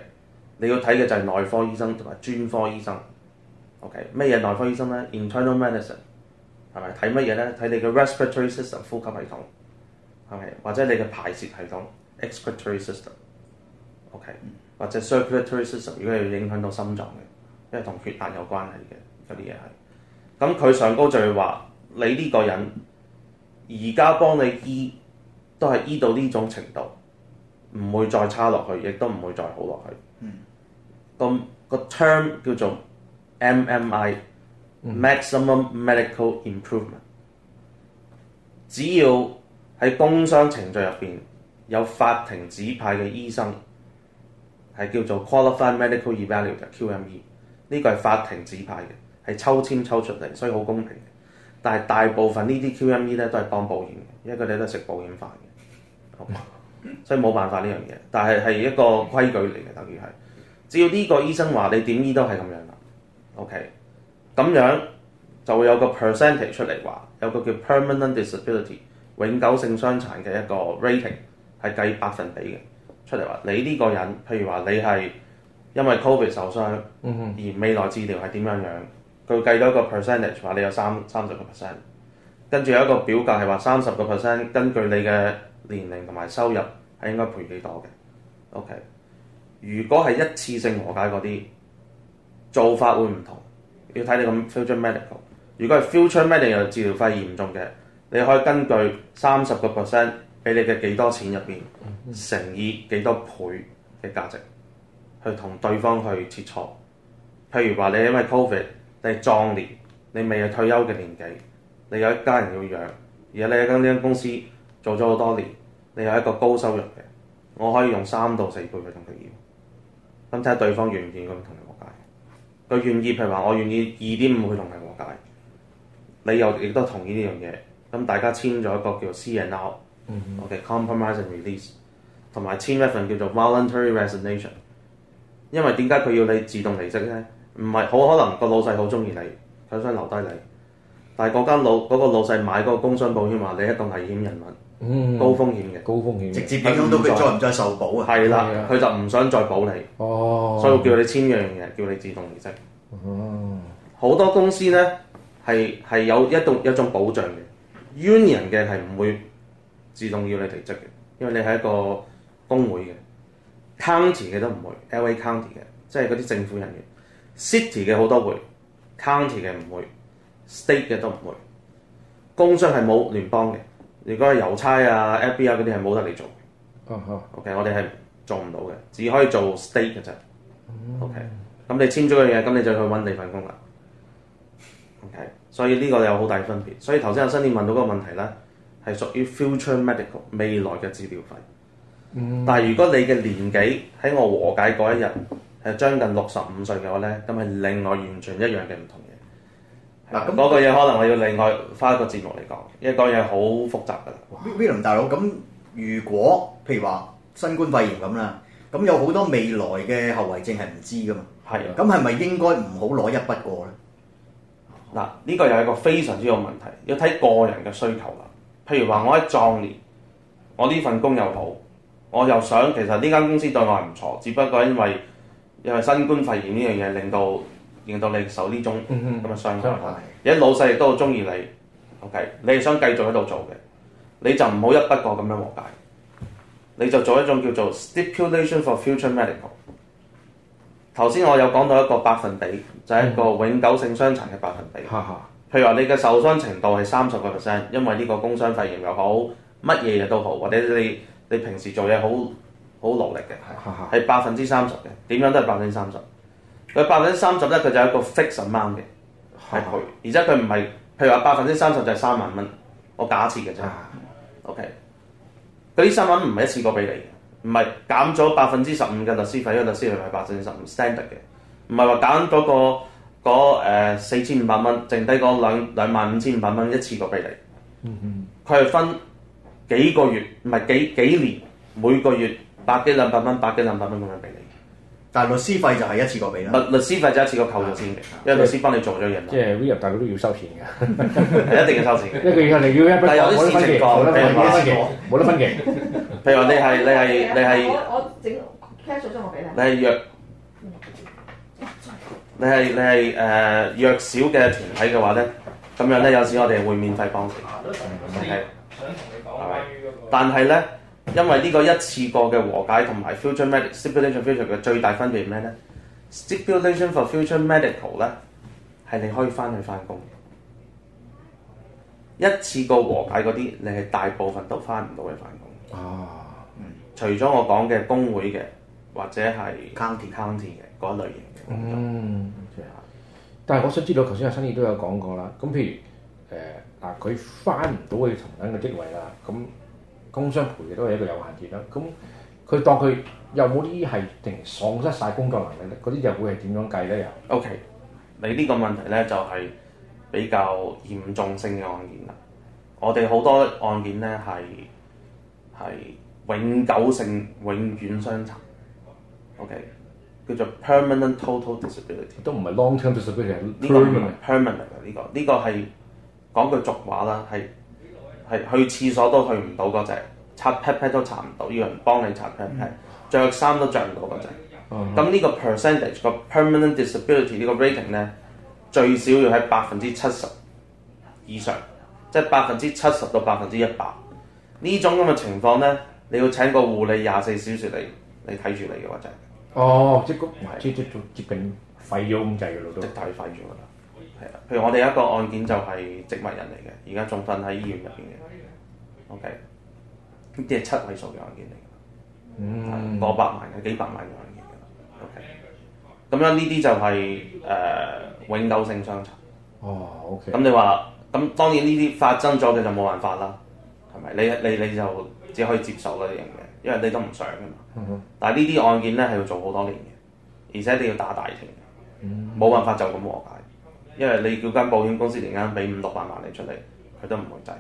你要睇嘅就係內科醫生同埋專科醫生。OK，咩嘢內科醫生咧？Internal medicine 係咪？睇乜嘢咧？睇你嘅 respiratory system 呼吸系統，係咪？或者你嘅排泄系統。excretory system，OK，okay. mm. 或者 circulatory system，如果要影響到心臟嘅，因為同血壓有關係嘅，有啲嘢係。咁佢上高就會話：你呢個人而家幫你醫，都係醫到呢種程度，唔會再差落去，亦都唔會再好落去。個、mm. 個 term 叫做 MMI（Maximum Medical Improvement），只要喺工傷程序入邊。有法庭指派嘅醫生係叫做 Qualified Medical Evaluator QME，呢個係法庭指派嘅，係抽籤抽出嚟，所以好公平嘅。但係大部分呢啲 QME 咧都係幫保險嘅，因為佢哋都係食保險飯嘅， 所以冇辦法呢樣嘢。但係係一個規矩嚟嘅，等於係只要呢個醫生話你點醫都係咁樣啦。OK，咁樣就會有個 percentage 出嚟，話有個叫 permanent disability 永久性傷殘嘅一個 rating。係計百分比嘅出嚟話，你呢個人，譬如話你係因為 COVID 受傷，嗯、哼而未來治療係點樣樣，佢會計咗一個 percentage 話你有三三十個 percent，跟住有一個表格係話三十個 percent，根據你嘅年齡同埋收入係應該賠幾多嘅。OK，如果係一次性和解嗰啲做法會唔同，要睇你咁 future medical。如果係 future medical 治療費嚴重嘅，你可以根據三十個 percent。俾你嘅幾多錢入邊，乘以幾多倍嘅價值去同對方去切磋。譬如話，你因為 Covid，你係壯年，你未有退休嘅年紀，你有一家人要養，而且你喺呢間公司做咗好多年，你有一個高收入嘅，我可以用三到四倍去同佢要，咁睇下對方願唔願意咁同你和解。佢願意，譬如話我願意二點五，去同你和解，你又亦都同意呢樣嘢，咁大家簽咗一個叫做 C and R。R, o、okay, compromise and release，同埋簽一份叫做 voluntary resignation。因為點解佢要你自動離職咧？唔係，好可能個老細好中意你，佢想留低你，但係嗰間老嗰、嗰個、老細買嗰個工傷保險話你一個危險人民，嗯嗯、高風險嘅，高風險直接影響到佢再唔再受保啊？係啦，佢就唔想再保你，哦、所以叫你簽樣嘢，叫你自動離職。好、嗯嗯、多公司咧係係有一種一種保障嘅，Union 嘅係唔會。自動要你離職嘅，因為你係一個工會嘅。County 嘅都唔會，LA County 嘅，即係嗰啲政府人員。City 嘅好多會，County 嘅唔會，State 嘅都唔會。工商係冇聯邦嘅，如果係郵差啊、FB 啊嗰啲係冇得你做哦。哦哦、OK，我哋係做唔到嘅，只可以做 State 嘅啫。嗯、OK，咁你簽咗嘅嘢，咁你就去揾你份工啦。OK，所以呢個有好大分別。所以頭先阿新你問到嗰個問題咧。係屬於 future medical 未來嘅治療費，但係如果你嘅年紀喺我和解嗰一日係將近六十五歲嘅話咧，咁係另外完全一樣嘅唔同嘢。嗱，咁嗰個嘢可能我要另外花一個節目嚟講，因為嗰嘢好複雜㗎啦。William 大佬，咁如果譬如話新冠肺炎咁啦，咁有好多未來嘅後遺症係唔知㗎嘛？係啊的，咁係咪應該唔好攞一筆過咧？嗱，呢、呢個又係一個非常之好嘅問題，要睇個人嘅需求啦。譬如話，我喺壯年，我呢份工又好，我又想其實呢間公司對我唔錯，只不過因為因為新冠肺炎呢樣嘢令到令到你受呢種咁嘅傷害，而家 老細亦都好中意你。OK，你係想繼續喺度做嘅，你就唔好一筆過咁樣和解，你就做一種叫做 stipulation for future medical。頭先我有講到一個百分比，就係、是、一個永久性傷殘嘅百分比。 譬如話你嘅受傷程度係三十個 percent，因為呢個工傷肺炎又好，乜嘢嘢都好，或者你你，你平時做嘢好好努力嘅，係百分之三十嘅，點樣都係百分之三十。佢百分之三十咧，佢就有一個 fixed amount 嘅，係佢， 而且佢唔係譬如話百分之三十就係、是、三萬蚊，我假設嘅啫，OK。嗰啲三萬唔係一次過俾你，唔係減咗百分之十五嘅律師費，因為律師費係百分之十五 standard 嘅。唔係話減嗰個。嗰四千五百蚊，剩低嗰兩兩萬五千五百蚊一次過俾你。嗯嗯，佢係分幾個月，唔係幾幾年，每個月百幾兩百蚊，百幾兩百蚊咁樣俾你。但係律師費就係一次過俾啦。律律師費就一次過扣咗先，因為律師幫你做咗嘢，即係 w 入大陸都要收錢㗎，係一定要收錢。因為佢係要一筆過，冇得分冇得分期。譬如話，你係你係你係我整 cash 出我俾你。你係若你係你係誒、呃、弱小嘅團體嘅話咧，咁樣咧有時我哋會免費幫你、嗯嗯、Okay? 想同你講。係、嗯，但係咧，因為呢個一次過嘅和解同埋 Medic future medical stipulation future 嘅最大分別係咩咧？Stipulation for future medical 咧係你可以翻去翻工，一次過和解嗰啲，你係大部分都翻唔到去翻工。啊、哦，嗯、除咗我講嘅工會嘅，或者係 county county 嘅嗰一類型。嗯，嗯，但係我想知道，頭先阿辛尼都有講過啦。咁譬如誒嗱，佢翻唔到去同等嘅職位啦，咁工傷賠嘅都係一個有限制啦。咁佢當佢有冇啲係突然喪失晒工作能力咧？嗰啲又會係點樣計咧？又 OK，你呢個問題咧就係、是、比較嚴重性嘅案件啦。我哋好多案件咧係係永久性、永遠傷殘。OK。叫做 permanent total disability 都唔係 long term disability，呢個 permanent 嘅呢、這個呢、這個係講句俗話啦，係係去廁所都去唔到 𠮶 隻擦 pat pat 都擦唔到，要人幫你擦 pat pat、嗯、着衫都着唔到 𠮶 隻咁呢、嗯、個 percentage、uh huh. 個 permanent per disability 呢個 rating 咧最少要喺百分之七十以上，即係百分之七十到百分之一百呢種咁嘅情況咧，你要請個護理廿四小時嚟你睇住你嘅只哦，即係嗰是即係即係接近廢咗咁滯嘅咯，都。即係廢咗啦。係啊，譬如我哋有一個案件就係植物人嚟嘅，而家仲瞓喺醫院入邊嘅。O K，呢啲係七位數嘅案件嚟嘅，嗯，過百萬嘅，幾百萬嘅案件嘅。O K，咁樣呢啲就係、是、誒、呃、永久性傷殘。哦，O K。咁、okay。你話，咁當然呢啲發生咗嘅就冇辦法啦，係咪？你你你就只可以接受嗰啲嘢，因為你都唔想嘅。但係呢啲案件咧，係要做好多年嘅，而且一定要打大庭，冇辦法就咁和解，因為你叫間保險公司突然間俾五六百萬你出嚟，佢都唔會制，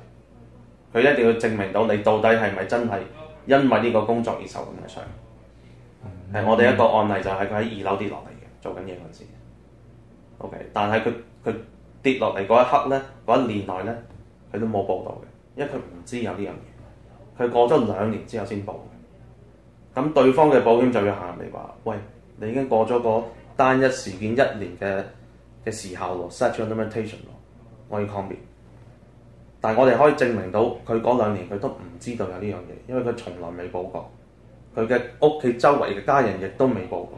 佢一定要證明到你到底係咪真係因為呢個工作而受咁嘅傷。係、嗯、我哋一個案例就下下，就係佢喺二樓跌落嚟嘅，做緊嘢嗰陣時。OK，但係佢佢跌落嚟嗰一刻咧，嗰一年內咧，佢都冇報到嘅，因為佢唔知有呢樣嘢，佢過咗兩年之後先報。咁對方嘅保險就要行嚟話，喂，你已經過咗個單一事件一年嘅嘅時效咯，statute of limitation 咯，我要抗辯。但係我哋可以證明到，佢嗰兩年佢都唔知道有呢樣嘢，因為佢從來未報過。佢嘅屋企周圍嘅家人亦都未報過，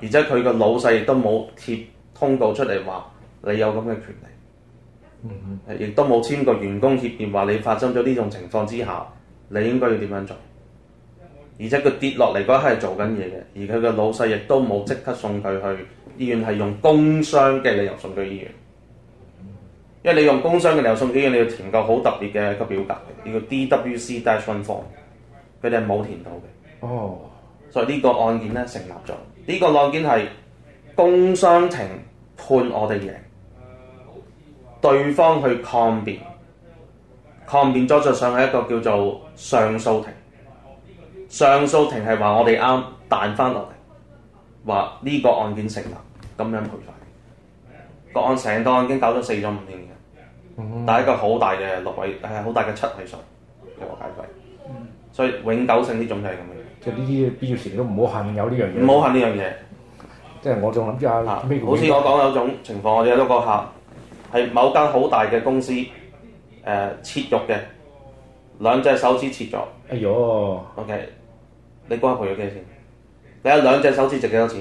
而且佢嘅老細亦都冇貼通告出嚟話你有咁嘅權利。亦都冇簽過員工協議話你發生咗呢種情況之下，你應該要點樣做。而且佢跌落嚟嗰一刻係做緊嘢嘅，而佢嘅老細亦都冇即刻送佢去醫院，係用工傷嘅理由送咗醫院。因為你用工傷嘅理由送去醫院，你要填夠好特別嘅一個表格，呢個 DWC Dash Form 佢哋係冇填到嘅。哦。Oh. 所以呢個案件咧成立咗，呢、呢個案件係工傷庭判我哋贏，對方去抗辯，抗辯咗就上係一個叫做上訴庭。上訴庭係話我哋啱彈翻落嚟，話呢個案件成立，咁樣賠法。個案成個案件搞咗四、五年嘅，嗯、但係一個好大嘅六位，係好大嘅七位數嘅和解費。所以永久性呢種就係咁樣。即係呢啲必要時都唔好恨有呢樣嘢。唔好恨呢樣嘢。即係我仲諗住好似我講有種情況，我哋有一個客係某間好大嘅公司誒、呃、切肉嘅，兩隻手指切咗。哎呦，OK。你瓜皮咗幾多錢？你有兩隻手指值幾多錢？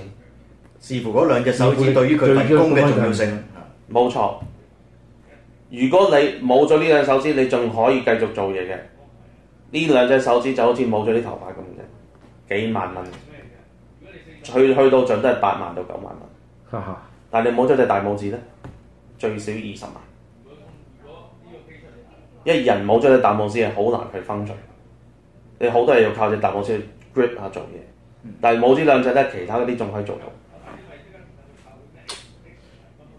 視乎嗰兩隻手指對於佢分工嘅重要性。冇錯。如果你冇咗呢兩隻手指，你仲可以繼續做嘢嘅。呢兩隻手指就好似冇咗啲頭髮咁嘅，幾萬蚊。去去到盡都係八萬到九萬蚊。但係你冇咗隻大拇指咧，最少二十萬。一人冇咗隻大拇指係好難去分賬。你好多嘢要靠隻大拇指。grip 下做嘢，但係冇呢兩隻咧，其他嗰啲仲可以做到。嗯、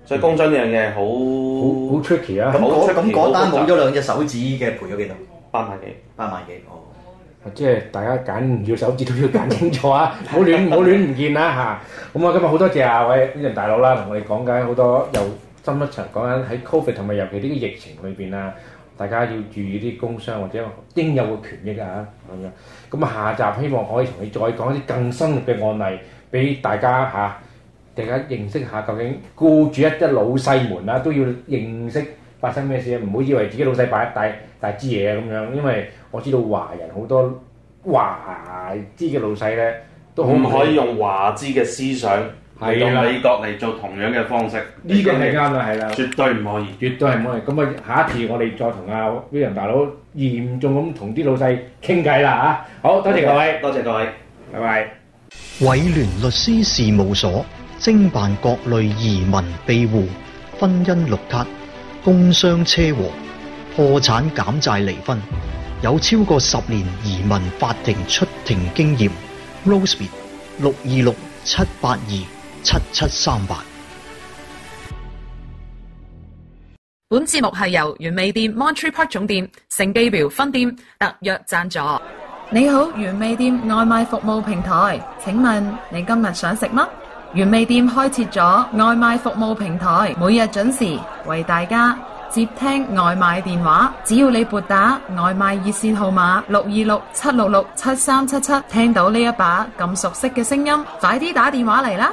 所以公真呢樣嘢係好好 tricky 啊！咁嗰咁嗰單冇咗兩隻手指嘅賠咗幾多？八萬幾？八萬幾？哦！即係、啊就是、大家揀唔要手指都要揀清楚啊！唔好亂唔好亂唔見啦吓，咁啊，今日好多謝啊位呢位大佬啦，同我哋講解好多又深一層講緊喺 covid 同埋尤其呢個疫情裏邊啊！大家要注意啲工傷或者應有嘅權益啊，咁樣。咁啊的，下集希望可以同你再講啲更深入嘅案例，俾大家吓，大家認識下究竟僱主一啲老細們啦，都要認識發生咩事，唔好以為自己老細擺一大大支嘢咁樣。因為我知道華人好多華資嘅老細咧，都好唔可以用華資嘅思想。用美國嚟做同樣嘅方式，呢個係啱啦，係啦，絕對唔可以，絕對唔可以。咁啊的，下一次我哋再同阿 Vian 大佬嚴重咁同啲老細傾偈啦嚇。好多謝各位，多謝各位，各位拜拜。偉聯拜律師事務所精辦各類移民庇護、婚姻綠卡、工商車禍、破產減債離婚，有超過十年移民法庭出庭經驗。Rosie 六二六七八二。七七三八。本節目係由原味店 Monterey Park 總店、盛記苗分店特約贊助。你好，原味店外賣服務平台，請問你今日想食乜？原味店開設咗外賣服務平台，每日準時為大家接聽外賣電話。只要你撥打外賣熱線號碼六二六七六六七三七七，7 7, 聽到呢一把咁熟悉嘅聲音，快啲打電話嚟啦！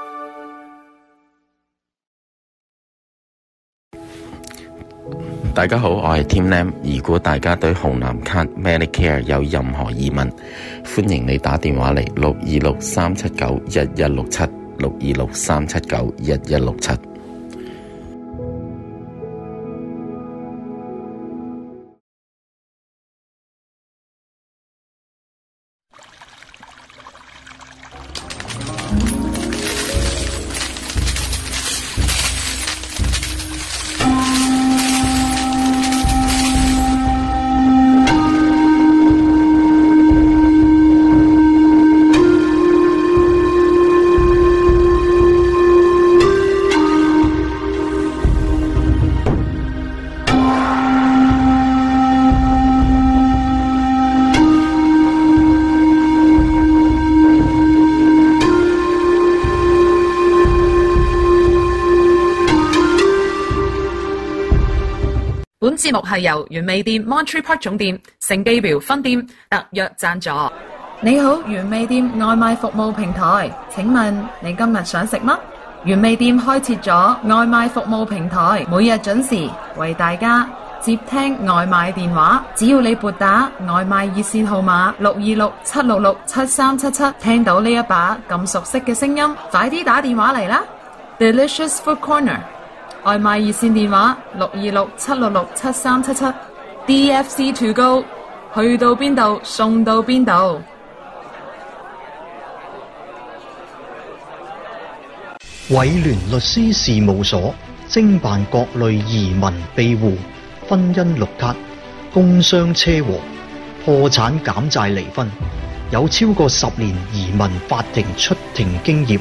大家好，我係 Tim Lam。如果大家對紅藍卡 Medicare 有任何疑問，歡迎你打電話嚟六二六三七九一一六七，六二六三七九一一六七。係由原味店 Monterey Park 總店、盛記廟分店特約讚助。你好，原味店外賣服務平台，請問你今日想食乜？原味店開設咗外賣服務平台，每日準時為大家接聽外賣電話。只要你撥打外賣熱線號碼六二六七六六七三七七，7 7, 聽到呢一把咁熟悉嘅聲音，快啲打電話嚟啦！Delicious Food Corner。外賣熱線電話六二六七六六七三七七 DFC To Go 去到邊度送到邊度？偉聯律師事務所，精辦各類移民庇護、婚姻綠卡、工傷車禍、破產減債離婚，有超過十年移民法庭出庭經驗。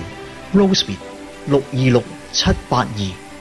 Rosebud 六二六七八二。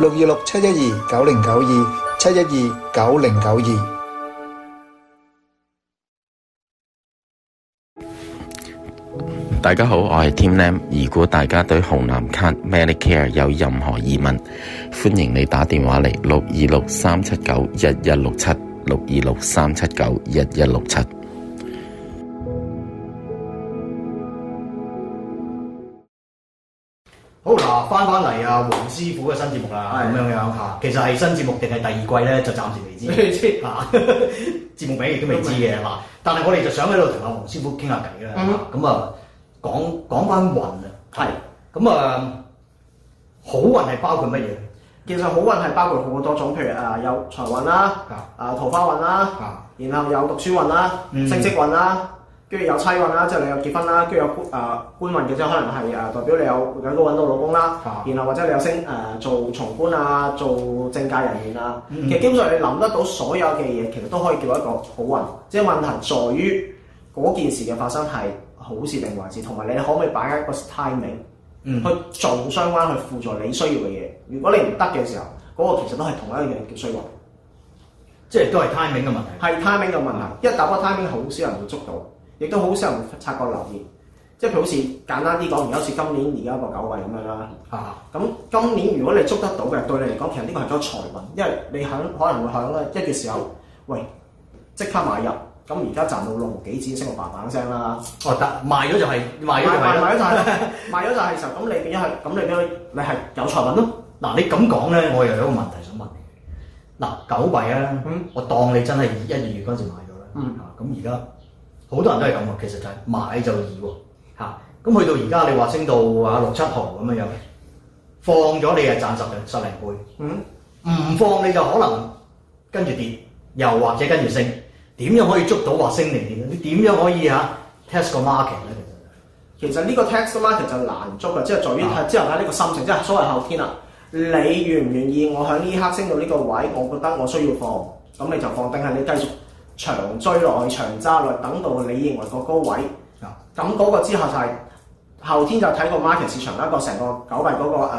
六二六七一二九零九二七一二九零九二，26, 12, 92, 12，大家好，我係 Tim Lam。如果大家對紅藍卡 Medicare 有任何疑問，歡迎你打電話嚟六二六三七九一一六七，六二六三七九一一六七。好嗱，翻翻嚟啊，黃師傅嘅新節目啦，咁是樣樣嚇，其實係新節目定係第二季咧，就暫時未知。節目名亦都未知嘅，嗱， 但係我哋就想喺度同阿黃師傅傾下偈啦，咁啊、嗯哼，講講翻運啊，係，咁啊是、呃，好運係包括乜嘢？其實好運係包括好多種，譬如財運啊，有財運啦，啊桃花運啦，啊、然後有讀書運啦，升職運啦。色色跟住有妻運啦，即係你有結婚啦，跟住有官官運嘅，即可能係誒代表你有有都揾到老公啦。啊、然後或者你有升誒、呃、做從官啊，做政界人員啊。其實基本上你諗得到所有嘅嘢，其實都可以叫一個好運。即係問題在於嗰件事嘅發生係好事定壞事，同埋你可唔可以擺一個 timing 去做相關去輔助你需要嘅嘢。如果你唔得嘅時候，嗰、那個其實都係同一樣嘢叫衰運，即係都係 timing 嘅問題。係 timing 嘅問題，嗯、一打波 timing 好少人會捉到。亦都好少人察覺留意，即係佢好似簡單啲講，而家好似今年而家個九位咁樣啦。啊，咁今年如果你捉得到嘅，對你嚟講其實呢個係個財運，因為你響可能會響啦。一嘅時候，喂，即刻買入，咁而家賺到六毫幾紙升個叭叭聲啦。哦，得賣咗就係、是、賣咗就係、是、賣咗就係、是，咁你變咗係，咁你變咗你係有財運咯？嗱，你咁講咧，我又有一個問題想問。嗱，九位啊，我當你真係一二月嗰陣買咗啦。嗯。咁而家。好多人都係咁喎，其實就係買就易喎，嚇、啊！咁去到而家你話升到啊六七毫咁樣樣，放咗你係賺十零十零倍，嗯？唔放你就可能跟住跌，又或者跟住升，點樣可以捉到話升定跌咧？你點樣可以吓 test 個 market 咧？啊、試試呢其實呢個 test market 就難捉嘅，即係在於之後喺呢個心情，即係所謂後天啦、啊。你願唔願意我喺呢刻升到呢個位？我覺得我需要放，咁你就放，定係你繼續？長追落去，長揸落等到你認為個高位，咁嗰 Yeah. 個之後就係、是、後天就睇個 market 市場啦。個成、個九幣嗰個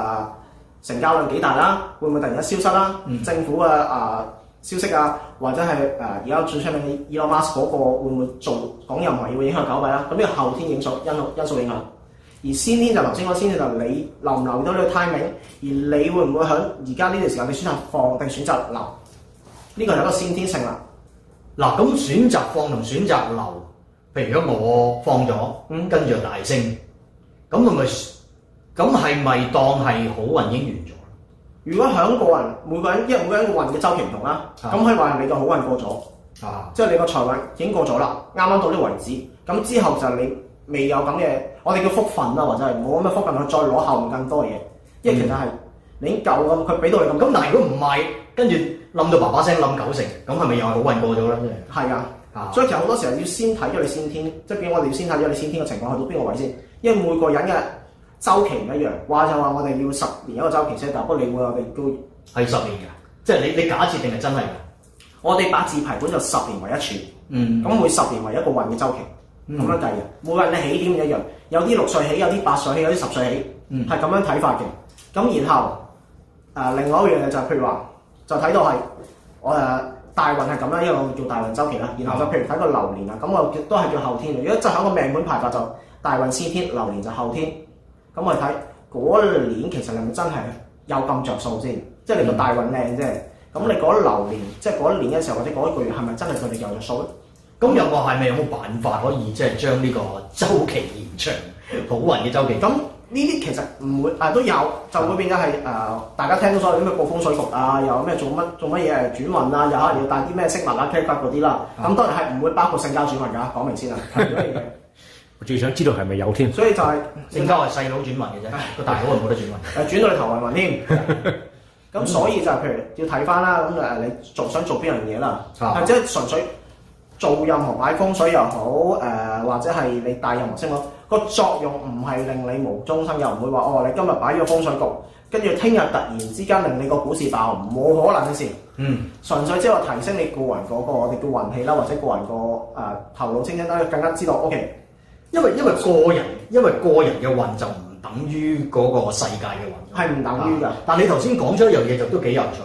成交量幾大啦，會唔會突然間消失啦？Mm. 政府嘅誒、呃、消息啊，或者係誒而家最出名嘅 Elon Musk 嗰個會唔會做講任何嘢會影響九幣啦？咁呢個後天因素因因素影響，而先天就頭先嗰先天就你留唔留到呢個 timing，而你會唔會喺而家呢段時間你選擇放定選擇留？呢個係一個先天性啦。嗱，咁選擇放同選擇留，譬如講我放咗，跟、嗯、住大升，咁係咪咁係咪當係好運已經完咗？如果響個人，每個人因為每個人個運嘅周期唔同啦，咁佢話你個好運過咗，的即係你個財運已經過咗啦，啱啱到呢為止，咁之後就你未有咁嘅，我哋叫福分啦，或者係冇咁嘅福分去再攞後面更多嘢，嗯、因為其實係你已經舊咁，佢俾到你咁。咁嗱，如果唔係，跟住。冧到爸爸聲，冧九成，咁係咪又係好運過咗咧？啫的，係啊，所以其實好多時候要先睇咗你先天，即係比我哋要先睇咗你先天嘅情況去到邊個位先，因為每個人嘅周期唔一樣。話就話我哋要十年一個周期先，但不過你外我哋都係十年嘅，即係你你假設定係真係我哋八字排盤就十年為一柱，嗯，嗯，咁、嗯、每十年為一個運嘅周期，咁、嗯嗯、樣計嘅。每個人嘅起點唔一樣，有啲六歲起，有啲八歲起，有啲十歲起，歲起嗯，嗯，係咁樣睇法嘅。咁然後啊、呃，另外一樣嘢就係譬如話。就睇到係我誒大運係咁啦，一路做大運周期啦。然後就譬如睇個流年啊，咁我亦都係叫後天。如果即係喺個命盤排法就大運先天，流年就後天。咁我哋睇嗰一年其實係咪真係有咁着數先？即係你個大運靚啫。咁、嗯、你嗰一、嗯、年，即係嗰一年嘅時候或者嗰一個月係咪真係對你有着數咧？咁、嗯、有冇係咪有冇辦法可以即係將呢個周期延長？好運嘅周期咁？嗯呢啲其實唔會，但都有，就會變咗係誒，大家聽到所有啲咩過風水局啊，又有咩做乜做乜嘢係轉運啊，又可能要帶啲咩飾物啊、皮革嗰啲啦。咁當然係唔會包括性交轉運㗎，講明先啦。我最想知道係咪有添？所以就係性交係細佬轉運嘅啫，個大佬係冇得轉運。誒轉到你頭暈暈添。咁所以就係譬如要睇翻啦，咁誒你仲想做邊樣嘢啦？即係純粹做任何買風水又好，誒或者係你帶任何飾物。個作用唔係令你無中生有，又唔會話哦，你今日擺咗個風水局，跟住聽日突然之間令你個股市爆，冇可能嘅事。嗯，純粹即係話提升你個人嗰個我哋嘅運氣啦，或者個人個誒、呃、頭腦清晰啦，更加知道。OK，因為因為個人因為個人嘅運就唔等於嗰個世界嘅運，係唔等於㗎。啊、但你頭先講咗一樣嘢就都幾有趣，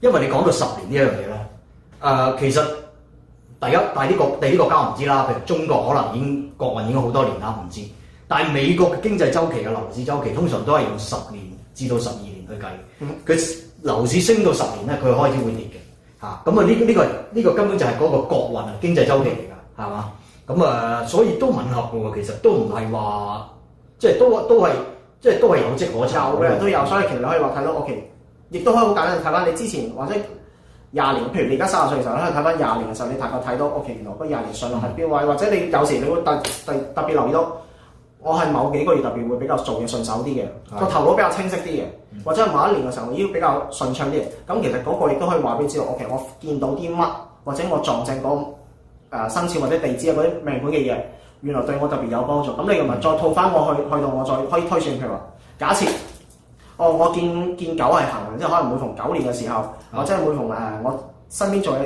因為你講到十年呢一樣嘢啦。誒、呃、其實。第一，但係、這、呢個地呢個家唔知啦。譬如中國可能已經國運已經好多年啦，唔知。但係美國嘅經濟周期嘅樓市周期，通常都係用十年至到十二年去計。佢樓市升到十年咧，佢開始會跌嘅。嚇咁啊！呢、嗯、呢、這個呢、這個這個根本就係嗰個國運經濟周期嚟㗎，係嘛？咁、嗯、啊、呃，所以都吻合嘅喎。其實都唔係話，即係都都係，即係都係有跡可抄。嘅、嗯。都有，所以其實你可以睇到 OK，亦都可以好簡單睇翻你之前或者。廿年，譬如你而家三十歲嘅時候，你可以睇翻廿年嘅時候，你大概睇到，OK，原來嗰廿年上落係邊位，嗯、或者你有時你會特特特別留意到，我係某幾個月特別會比較做嘢順手啲嘅，個是頭腦比較清晰啲嘅，嗯、或者係某一年嘅時候，要比較順暢啲，嘅、嗯。咁其實嗰個亦都可以話俾你知道，OK，我見到啲乜，或者我撞正嗰誒生肖或者地支啊嗰啲命盤嘅嘢，原來對我特別有幫助，咁你又咪再套翻我去去，去到我再可以推算譬如話，假設。我我見見狗係行嘅，即係可能每逢九年嘅時候，嗯、或者每逢誒、呃、我身邊做嘢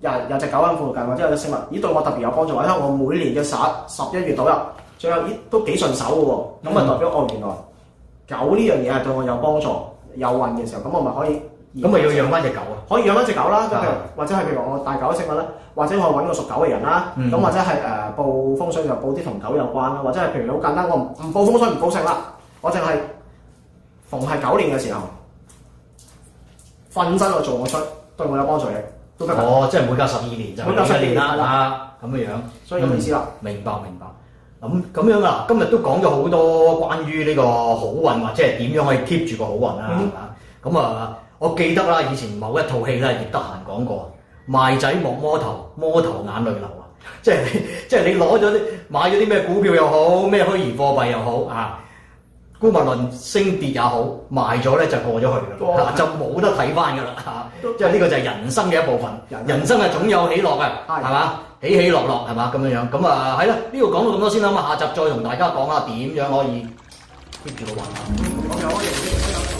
有有,有隻狗喺附近，或者有隻飾物，咦對我特別有幫助。或者我每年嘅十一十一月到入，最後咦都幾順手嘅喎。咁啊、嗯、代表哦，原來狗呢樣嘢係對我有幫助，有運嘅時候，咁我咪可以，咁咪要養翻隻狗啊？可以養翻隻狗啦，就是嗯、或者係譬如我帶狗啲飾物啦，或者我揾個屬狗嘅人啦，咁、嗯嗯、或者係誒、呃、報風水就報啲同狗有關啦，或者係譬如你好簡單，我唔唔、嗯、報風水唔報食啦，我淨係。逢係九年嘅時候，瞓身我做我出，對我有幫助嘅都得。哦，即係每隔十二年就每隔十年啦，咁嘅、嗯、樣，有冇意思啦？明白明白。咁咁樣嗱，今日都講咗好多關於呢個好運或者係點樣可以 keep 住個好運啦，啊、嗯？咁啊，我記得啦，以前某一套戲咧，葉德嫻講過：賣仔莫摸頭，摸頭眼淚流啊！即係即係你攞咗啲買咗啲咩股票又好，咩虛擬貨幣又好啊！沽物論升跌也好，賣咗咧就過咗去㗎， 就冇得睇翻㗎啦。 即係呢個就係人生嘅一部分，人生係總有起落嘅，係嘛？起起落落係嘛，咁樣樣，咁啊係啦。呢度講到咁多先啦，咁啊下集再同大家講下點樣可以 keep 住個運。